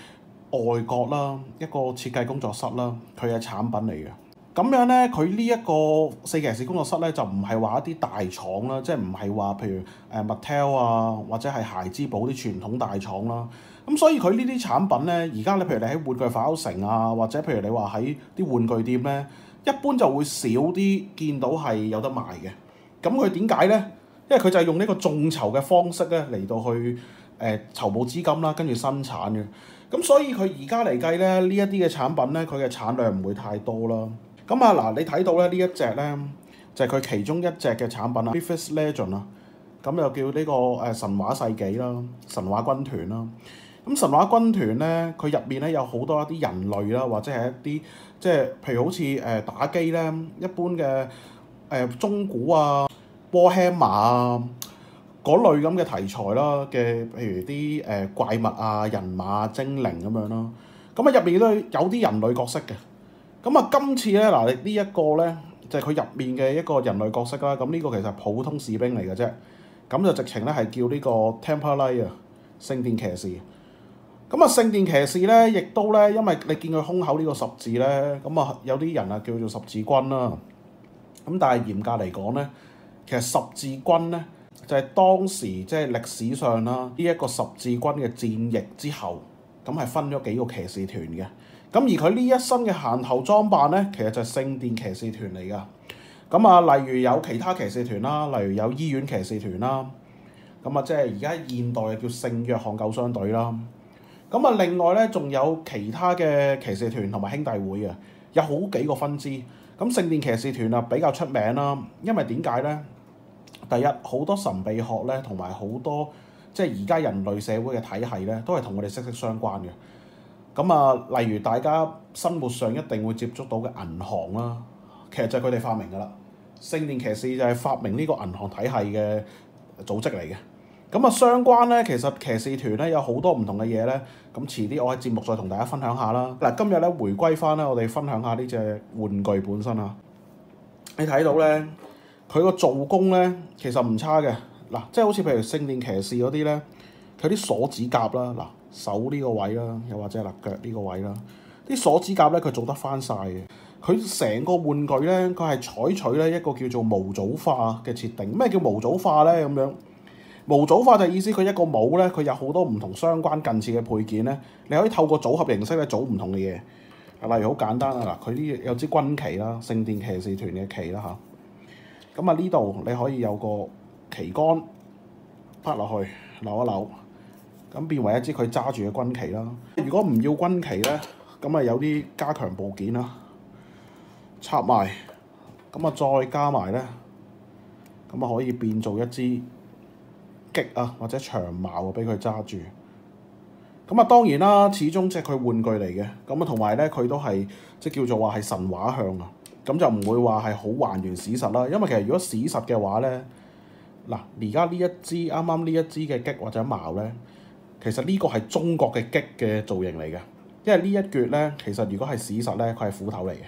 外國啦，一個設計工作室啦，佢嘅產品嚟嘅咁樣呢，佢呢一個四騎士工作室呢，就唔係話一啲大廠啦，即係唔係話譬如誒 Mattel 啊或者係孩之寶啲傳統大廠啦。咁、嗯、所以佢呢啲產品呢，而家你譬如你喺玩具反斗城啊，或者譬如你話喺啲玩具店呢，一般就會少啲見到係有得賣嘅。咁佢點解呢？因為佢就係用呢個眾籌嘅方式呢，嚟到去誒、呃、籌募資金啦，跟住生產嘅。咁所以佢而家嚟計咧，呢一啲嘅產品咧，佢嘅產量唔會太多啦。咁啊嗱，你睇到咧呢一隻咧，就係，是，佢其中一隻嘅產品啊 Mythic Legions 啊。咁又叫呢、這個誒神話世紀啦，神話軍團啦。咁神話軍團咧，佢入面咧有好多一啲人類啦，或者係一啲即係譬如好似誒、呃、打機咧，一般嘅誒、呃、中古啊，波斯馬啊。嗰類咁嘅題材啦，嘅譬如啲誒怪物啊、人馬、精靈咁樣咯，咁啊入面都有啲人類角色嘅。咁啊今次咧嗱，呢一個咧就係佢入面嘅一個人類角色啦。咁呢個其實普通士兵嚟嘅啫，咁就直情咧係叫呢個 Templar 啊，聖殿騎士。咁啊聖殿騎士咧，亦都咧，因為你見佢胸口呢個十字咧，咁啊有啲人啊叫做十字軍啦。咁但係嚴格嚟講咧，其實十字軍咧，就係當時即係、就是、歷史上啦，呢、這、一個十字軍嘅戰役之後，咁係分咗幾個騎士團嘅。咁而佢呢一身嘅行頭裝扮呢，其實就係聖殿騎士團嚟噶。咁啊，例如有其他騎士團啦，例如有醫院騎士團啦。咁啊，即係而家現代嘅叫聖約翰救商隊啦。咁啊，另外呢，仲有其他嘅騎士團同埋兄弟會啊，有好幾個分支。咁聖殿騎士團啊比較出名啦，因為點解呢？第一，好多神秘學咧，同埋好多即係而家人類社會嘅體系咧，都係同我哋息息相關嘅。咁啊，例如大家生活上一定會接觸到嘅銀行啦，啊，其實就係佢哋發明㗎喇。聖殿騎士就係發明呢個銀行體系嘅組織嚟嘅。咁啊，相關咧，其實騎士團咧有好多唔同嘅嘢咧。咁遲啲我喺節目再同大家分享下啦。嗱，今日咧回歸返咧，我哋分享下呢隻玩具本身啊。你睇到咧？佢個做工咧，其實唔差嘅。嗱，即係好似譬如聖殿騎士嗰啲咧，佢啲鎖指甲啦，嗱，手呢個位啦，又或者係嗱腳呢個位啦，啲鎖指甲咧佢做得翻晒嘅。佢成個玩具咧，佢係採取咧一個叫做模組化嘅設定。咩叫模組化咧？咁樣模組化就意思佢一個帽咧，佢有好多唔同相關近似嘅配件咧，你可以透過組合形式咧組唔同嘅嘢。例如好簡單啊，嗱，佢啲有支軍旗啦，聖殿騎士團嘅旗啦嚇。咁啊呢度你可以有個旗杆拍落去，扭一扭，咁變為一支佢揸住嘅軍旗啦。如果唔要軍旗咧，咁啊有啲加強部件啦、啊，插埋，咁啊再加埋咧，咁啊可以變做一支戟啊，或者長矛啊，俾佢揸住。咁啊當然啦，始終即係佢玩具嚟嘅。咁啊同埋咧，佢都係即叫做話係神話像。啊。咁就唔會話係好還原史實啦，因為其實如果史實嘅話咧，嗱而家呢一支啱啱呢一支嘅戟或者矛咧，其實呢個係中國嘅戟嘅造型嚟嘅，因為一呢一撅咧其實如果係史實咧，佢係斧頭嚟嘅。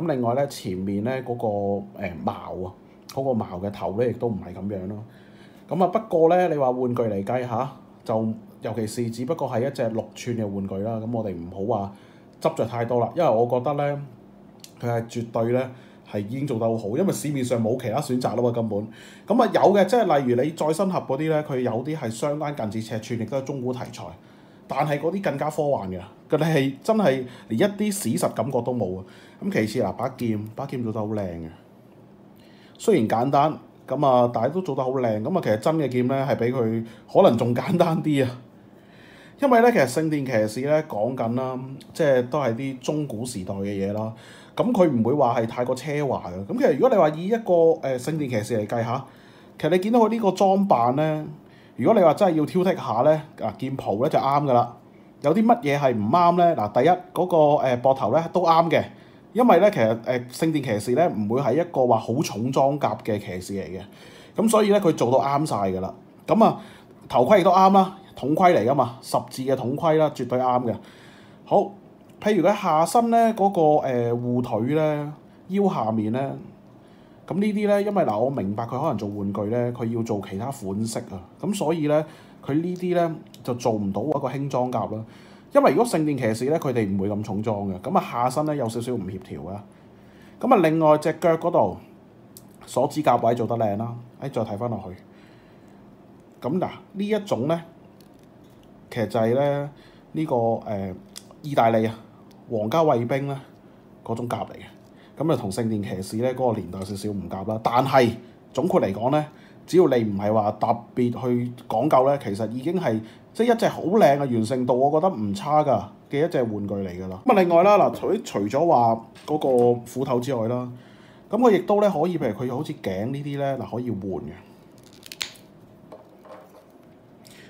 咁另外咧，前面咧嗰、嗰個欸嗰個矛啊，嗰個矛嘅頭咧亦都唔係咁樣咯。咁啊不過咧，你話玩具嚟計下，就尤其是只不過係一隻六寸嘅玩具啦。咁我哋唔好話執着太多啦，因為我覺得咧。佢係絕對咧係已經做得好好，因為市面上冇其他選擇啦嘛。根本咁啊有嘅，即係例如你再生俠嗰啲咧，佢有啲係相關近似尺寸，亦都係中古題材，但係嗰啲更加科幻嘅，佢哋係真係連一啲史實感覺都冇啊。咁其次嗱、啊，把劍把劍做得好靚嘅，雖然簡單咁啊，但係都做得好靚。咁啊，其實真嘅劍咧係比佢可能仲簡單啲啊，因為咧其實聖殿騎士咧講緊啦，即係都係啲中古時代嘅嘢啦。咁佢唔會話係太過奢華嘅，咁其實如果你話以一個誒、呃、聖殿騎士嚟計下，其實你見到佢呢個裝扮咧，如果你話真係要挑剔下咧，嗱劍袍咧就啱嘅啦。有啲乜嘢係唔啱咧？嗱第一嗰、那個膊頭咧都啱嘅，因為咧其實誒、呃、聖殿騎士咧唔會係一個話好重裝甲嘅騎士嚟嘅，咁所以咧佢做到啱晒嘅啦。咁啊頭盔亦都啱啦，筒盔嚟噶嘛，十字嘅筒盔啦，絕對啱嘅。好。譬如佢下身咧，嗰個誒護腿咧，腰下面咧，咁呢啲咧，因為嗱我明白佢可能做玩具咧，佢要做其他款式啊，咁所以咧佢呢啲咧就做唔到一個輕裝鴿啦。因為如果聖殿騎士咧，佢哋唔會咁重裝嘅，咁啊下身咧有少少唔協調啊。咁啊，另外隻腳嗰度，鎖指甲位做得靚啦，誒再睇翻落去。咁嗱呢一種咧，其實就係咧呢個誒意大利啊，皇家衛兵咧嗰種夾嚟嘅，咁啊同聖殿騎士咧嗰個年代有少少唔夾啦。但係總括嚟講咧，只要你唔係話特別去講究咧，其實已經係即係一隻好靚嘅完成度，我覺得唔差㗎嘅一隻玩具嚟㗎啦。咁啊，另外啦嗱，除除咗話嗰個斧頭之外啦，咁佢亦都咧可以譬如佢好似頸呢啲咧嗱可以換嘅，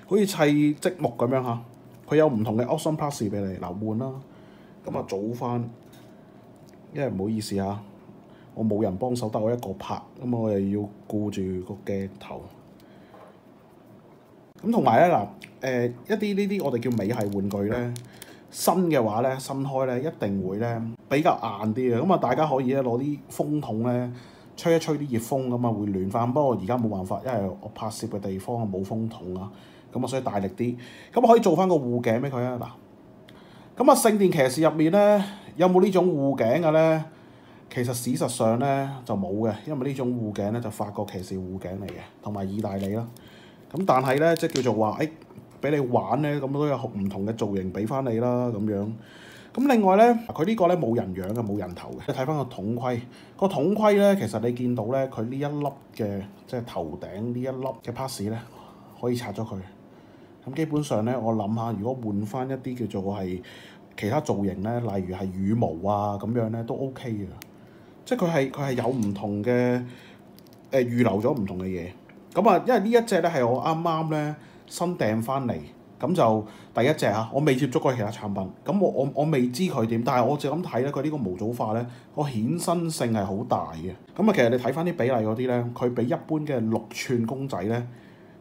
好似砌積木咁樣嚇，佢有唔同嘅 option plus 俾你嗱換啦。咁啊早翻，因為唔好意思嚇，我冇人幫手，得我一個拍，咁我又要顧住個鏡頭。咁同埋咧嗱，誒、呃、一啲呢啲我哋叫美系玩具咧，新嘅話咧新開咧一定會咧比較硬啲嘅，咁啊大家可以咧攞啲風筒咧吹一吹啲熱風，咁啊會暖翻。不過而家冇辦法，因為我拍攝嘅地方冇風筒啊，咁啊所以大力啲。咁可以做翻個護頸俾佢啊嗱。咁啊，聖殿騎士入面咧有冇呢種護頸嘅咧？其實事實上咧就冇嘅，因為呢種護頸咧就法國騎士護頸嚟嘅，同埋意大利啦。咁但係咧即係叫做話，誒俾你玩咧，咁都有唔同嘅造型俾翻你啦咁樣。咁另外咧，佢呢個咧冇人樣嘅，冇人頭嘅。你睇翻個筒盔，個筒盔咧，其實你見到咧，佢呢一粒嘅即係頭頂呢一粒嘅 pass 咧，可以拆咗佢。咁基本上咧，我諗下，如果換翻一啲叫做係其他造型咧，例如係羽毛啊咁樣咧，都 OK 嘅。即係佢係佢係有唔同嘅誒、呃、預留咗唔同嘅嘢。咁啊，因為呢一隻咧係我啱啱咧新訂翻嚟，咁就第一隻啊，我未接觸過其他產品，咁我我我未知佢點，但係我就咁睇咧，佢呢個模組化咧，個衍生性係好大嘅。咁啊，其實你睇翻啲比例嗰啲咧，佢比一般嘅六寸公仔咧。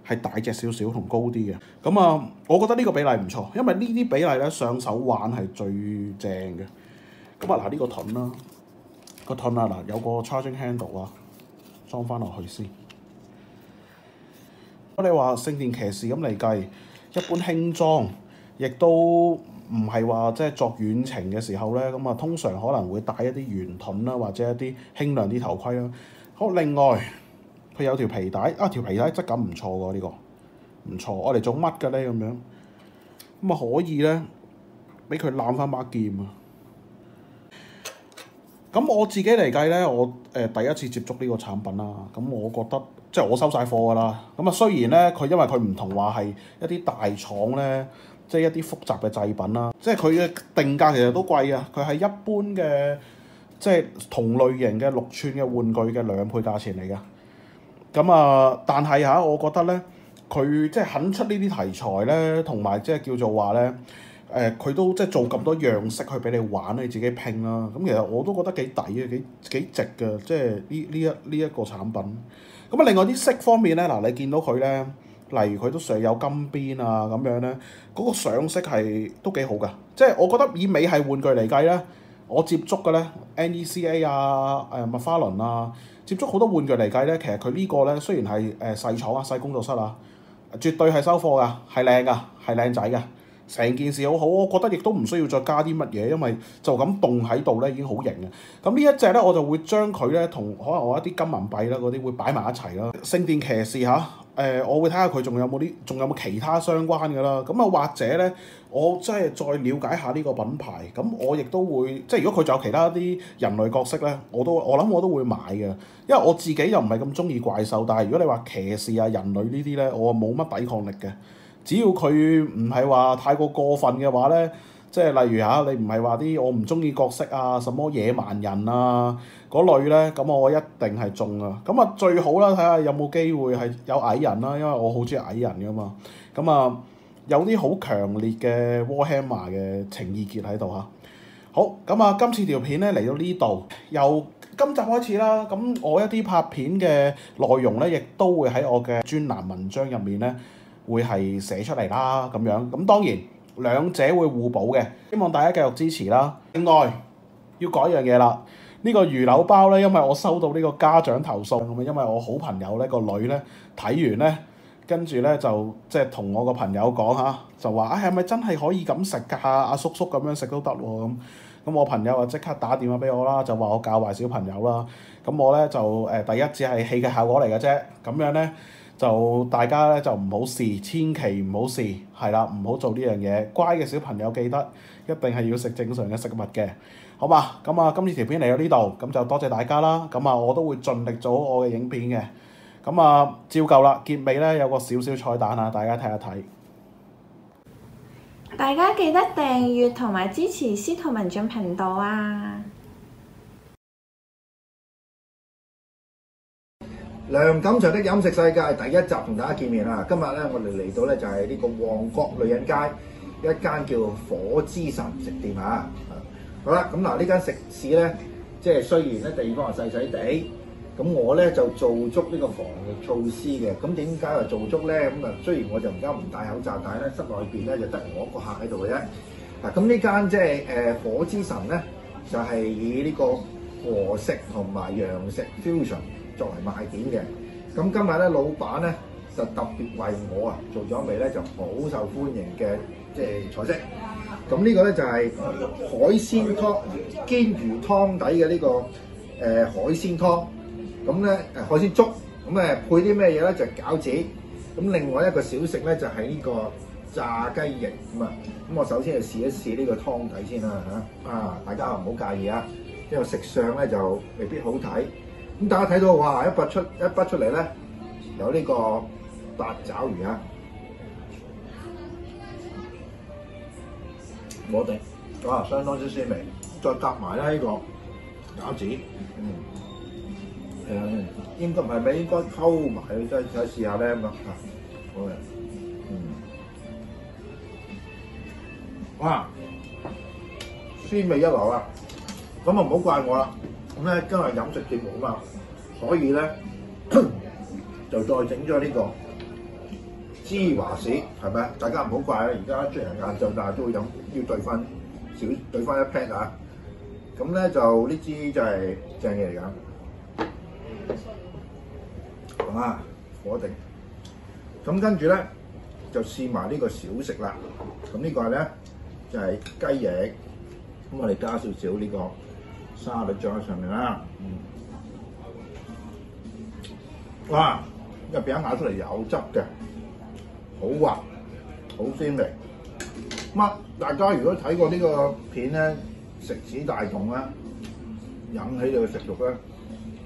係大隻少少同高啲嘅，咁啊，我覺得呢個比例唔錯，因為呢啲比例咧上手玩係最正嘅。咁啊，嗱呢個盾啦，個盾啊嗱，有個 charging handle 啊，裝翻落去先。我哋話聖殿騎士咁嚟計，一般輕裝，亦都唔係話即係作遠程嘅時候咧，咁啊通常可能會戴一啲圓盾啦，或者一啲輕量啲頭盔啦。好，另外。佢有條皮帶啊！條皮帶質感唔錯喎，呢個唔錯。我嚟做乜嘅咧咁樣？咁啊可以咧，俾佢攬翻把劍啊！咁我自己嚟計咧，我誒第一次接觸呢個產品啦。咁我覺得即係我收曬貨啦。咁啊雖然咧，佢因為佢唔同話係一啲大廠咧，即係一啲複雜嘅製品啦。即係佢嘅定價其實都貴啊！佢係一般嘅，即係同類型嘅六寸嘅玩具嘅兩倍價錢嚟嘅。咁啊、嗯，但係嚇、啊，我覺得咧，佢即係肯出呢啲題材咧，同埋即係叫做話咧，誒、呃，佢都即係做咁多樣式去俾你玩你自己拼啦、啊。咁、嗯、其實我都覺得幾抵啊，幾幾值嘅，即係呢呢一呢一,一個產品。咁、嗯、啊，另外啲色方面咧，嗱、呃，你見到佢咧，例如佢都上有金邊啊咁樣咧，嗰、那個上色係都幾好噶。即係我覺得以美係玩具嚟計咧，我接觸嘅咧，NECA 啊，誒、啊、麥花輪啊。接觸好多玩具嚟計咧，其實佢呢個咧雖然係誒、呃、細廠啊、細工作室啊，絕對係收貨㗎，係靚㗎，係靚仔㗎，成件事好好。我覺得亦都唔需要再加啲乜嘢，因為就咁棟喺度咧已經好型嘅。咁、嗯、呢一隻咧我就會將佢咧同可能我一啲金銀幣啦嗰啲會擺埋一齊啦。聖殿騎士嚇。誒、呃，我會睇下佢仲有冇啲，仲有冇其他相關嘅啦。咁啊，或者咧，我真係再了解下呢個品牌。咁我亦都會，即係如果佢仲有其他啲人類角色咧，我都我諗我都會買嘅。因為我自己又唔係咁中意怪獸，但係如果你話騎士啊、人類呢啲咧，我冇乜抵抗力嘅。只要佢唔係話太過過分嘅話咧，即係例如嚇、啊，你唔係話啲我唔中意角色啊，什麼野蠻人啊。嗰類咧，咁我一定係中啊！咁啊，最好啦，睇下有冇機會係有矮人啦，因為我好中意矮人㗎嘛。咁啊，有啲好強烈嘅 Warhammer 嘅情意結喺度嚇。好，咁啊，今次條片咧嚟到呢度，由今集開始啦。咁我一啲拍片嘅內容咧，亦都會喺我嘅專欄文章入面咧，會係寫出嚟啦。咁樣，咁當然兩者會互補嘅，希望大家繼續支持啦。另外要改一樣嘢啦。呢個魚柳包咧，因為我收到呢個家長投訴咁啊，因為我好朋友咧個女咧睇完咧，跟住咧就即係同我個朋友講嚇，就話啊係咪真係可以咁食㗎？阿、啊、叔叔咁樣食都得喎咁。咁我朋友就即刻打電話俾我啦，就話我教壞小朋友啦。咁我咧就誒、呃、第一只係戲嘅效果嚟嘅啫。咁樣咧就大家咧就唔好試，千祈唔好試，係啦，唔好做呢樣嘢。乖嘅小朋友記得，一定係要食正常嘅食物嘅。好嘛，咁啊，今次條片嚟到呢度，咁就多謝大家啦。咁啊，我都會盡力做好我嘅影片嘅。咁啊，照舊啦，結尾咧有個小小彩蛋啊，大家睇一睇。大家記得訂閱同埋支持司徒文進頻道啊！梁錦祥的飲食世界第一集同大家見面啦。今日咧，我哋嚟到咧就係呢個旺角女人街一間叫火之神食店啊。好啦，咁嗱呢間食肆咧，即係雖然咧地方係細細地，咁我咧就做足呢個防疫措施嘅。咁點解又做足咧？咁啊，雖然我就而家唔戴口罩，但係咧室內邊咧就得我一個客喺度嘅啫。嗱、就是，咁呢間即係誒火之神咧，就係、是、以呢個和食同埋洋食 fusion 作為賣點嘅。咁今日咧，老闆咧就特別為我啊做咗一味咧就好受歡迎嘅即係菜式。咁呢個咧就係海鮮湯，鰻魚湯底嘅呢、這個誒、呃、海鮮湯，咁咧誒海鮮粥，咁、嗯、誒配啲咩嘢咧？就餃、是、子，咁、嗯、另外一個小食咧就係呢個炸雞翼咁啊！咁、嗯嗯、我首先就試一試呢個湯底先啦嚇，啊大家唔好介意啊，因為食相咧就未必好睇。咁、嗯、大家睇到哇一筆出一筆出嚟咧，有呢個八爪魚啊！我哋哇，相當之鮮味。再夾埋咧呢個餃子，嗯，係啊、嗯嗯，應該唔係咩？應該溝埋，再再試下咧咁啊，好啊，嗯，哇，鮮味一流啊，咁啊唔好怪我啦，咁咧今日飲食節目啊嘛，所以咧就再整咗呢個。芝華士係咪大家唔好怪啊！而家出嚟晏晝，但係都會飲，要兌翻少，兌翻一 pack 啊！咁咧就呢支就係正嘢嚟㗎。咁啊，火定。咁跟住咧就試埋呢個小食啦。咁呢個咧就係、呢、雞翼。咁我哋加少少呢個沙律醬喺上面啦。哇、嗯！個、啊、餅咬出嚟有汁嘅。好滑，好鮮味。咁、啊、大家如果睇過呢個片咧，食肆大眾咧，引起你嘅食欲。咧，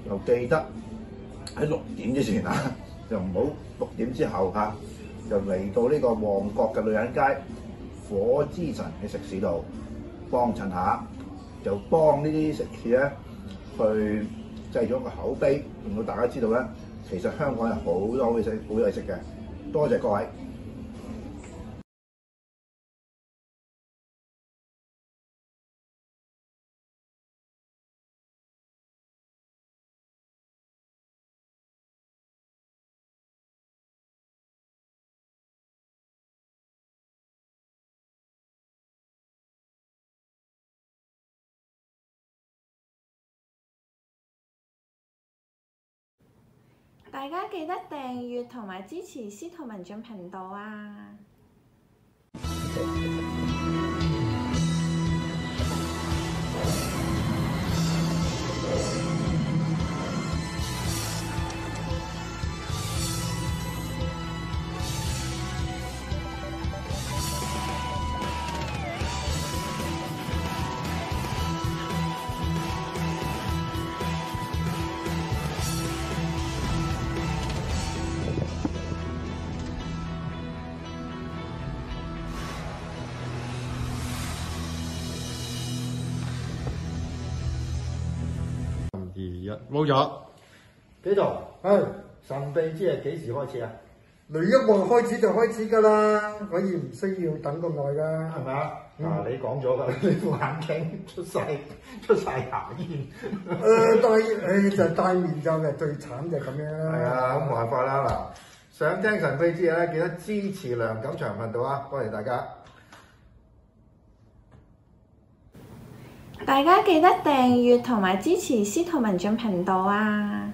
又記得喺六點之前嚇、啊，就唔好六點之後嚇、啊，就嚟到呢個旺角嘅女人街火之神嘅食肆度幫襯下，就幫呢啲食肆咧去製咗個口碑，令到大家知道咧，其實香港有好多好嘢食好嘢食嘅。多謝各位。大家記得訂閱同埋支持司徒文進頻道啊！冇咗，沒幾多度？哎、神秘之夜幾時開始啊？雷一話開始就開始噶啦，可以唔需要等咁耐噶，係咪、啊嗯、你講咗你副眼鏡出晒出晒牙煙。誒， *laughs* 戴、 *laughs* *laughs* 呃哎、就戴、是、面罩的最慘就最慘就咁樣啦。啊，咁冇辦法啦嗱。想聽神秘之夜咧，記得支持梁錦祥頻道啊，多謝，謝大家。大家記得訂閱同埋支持司徒文進頻道啊！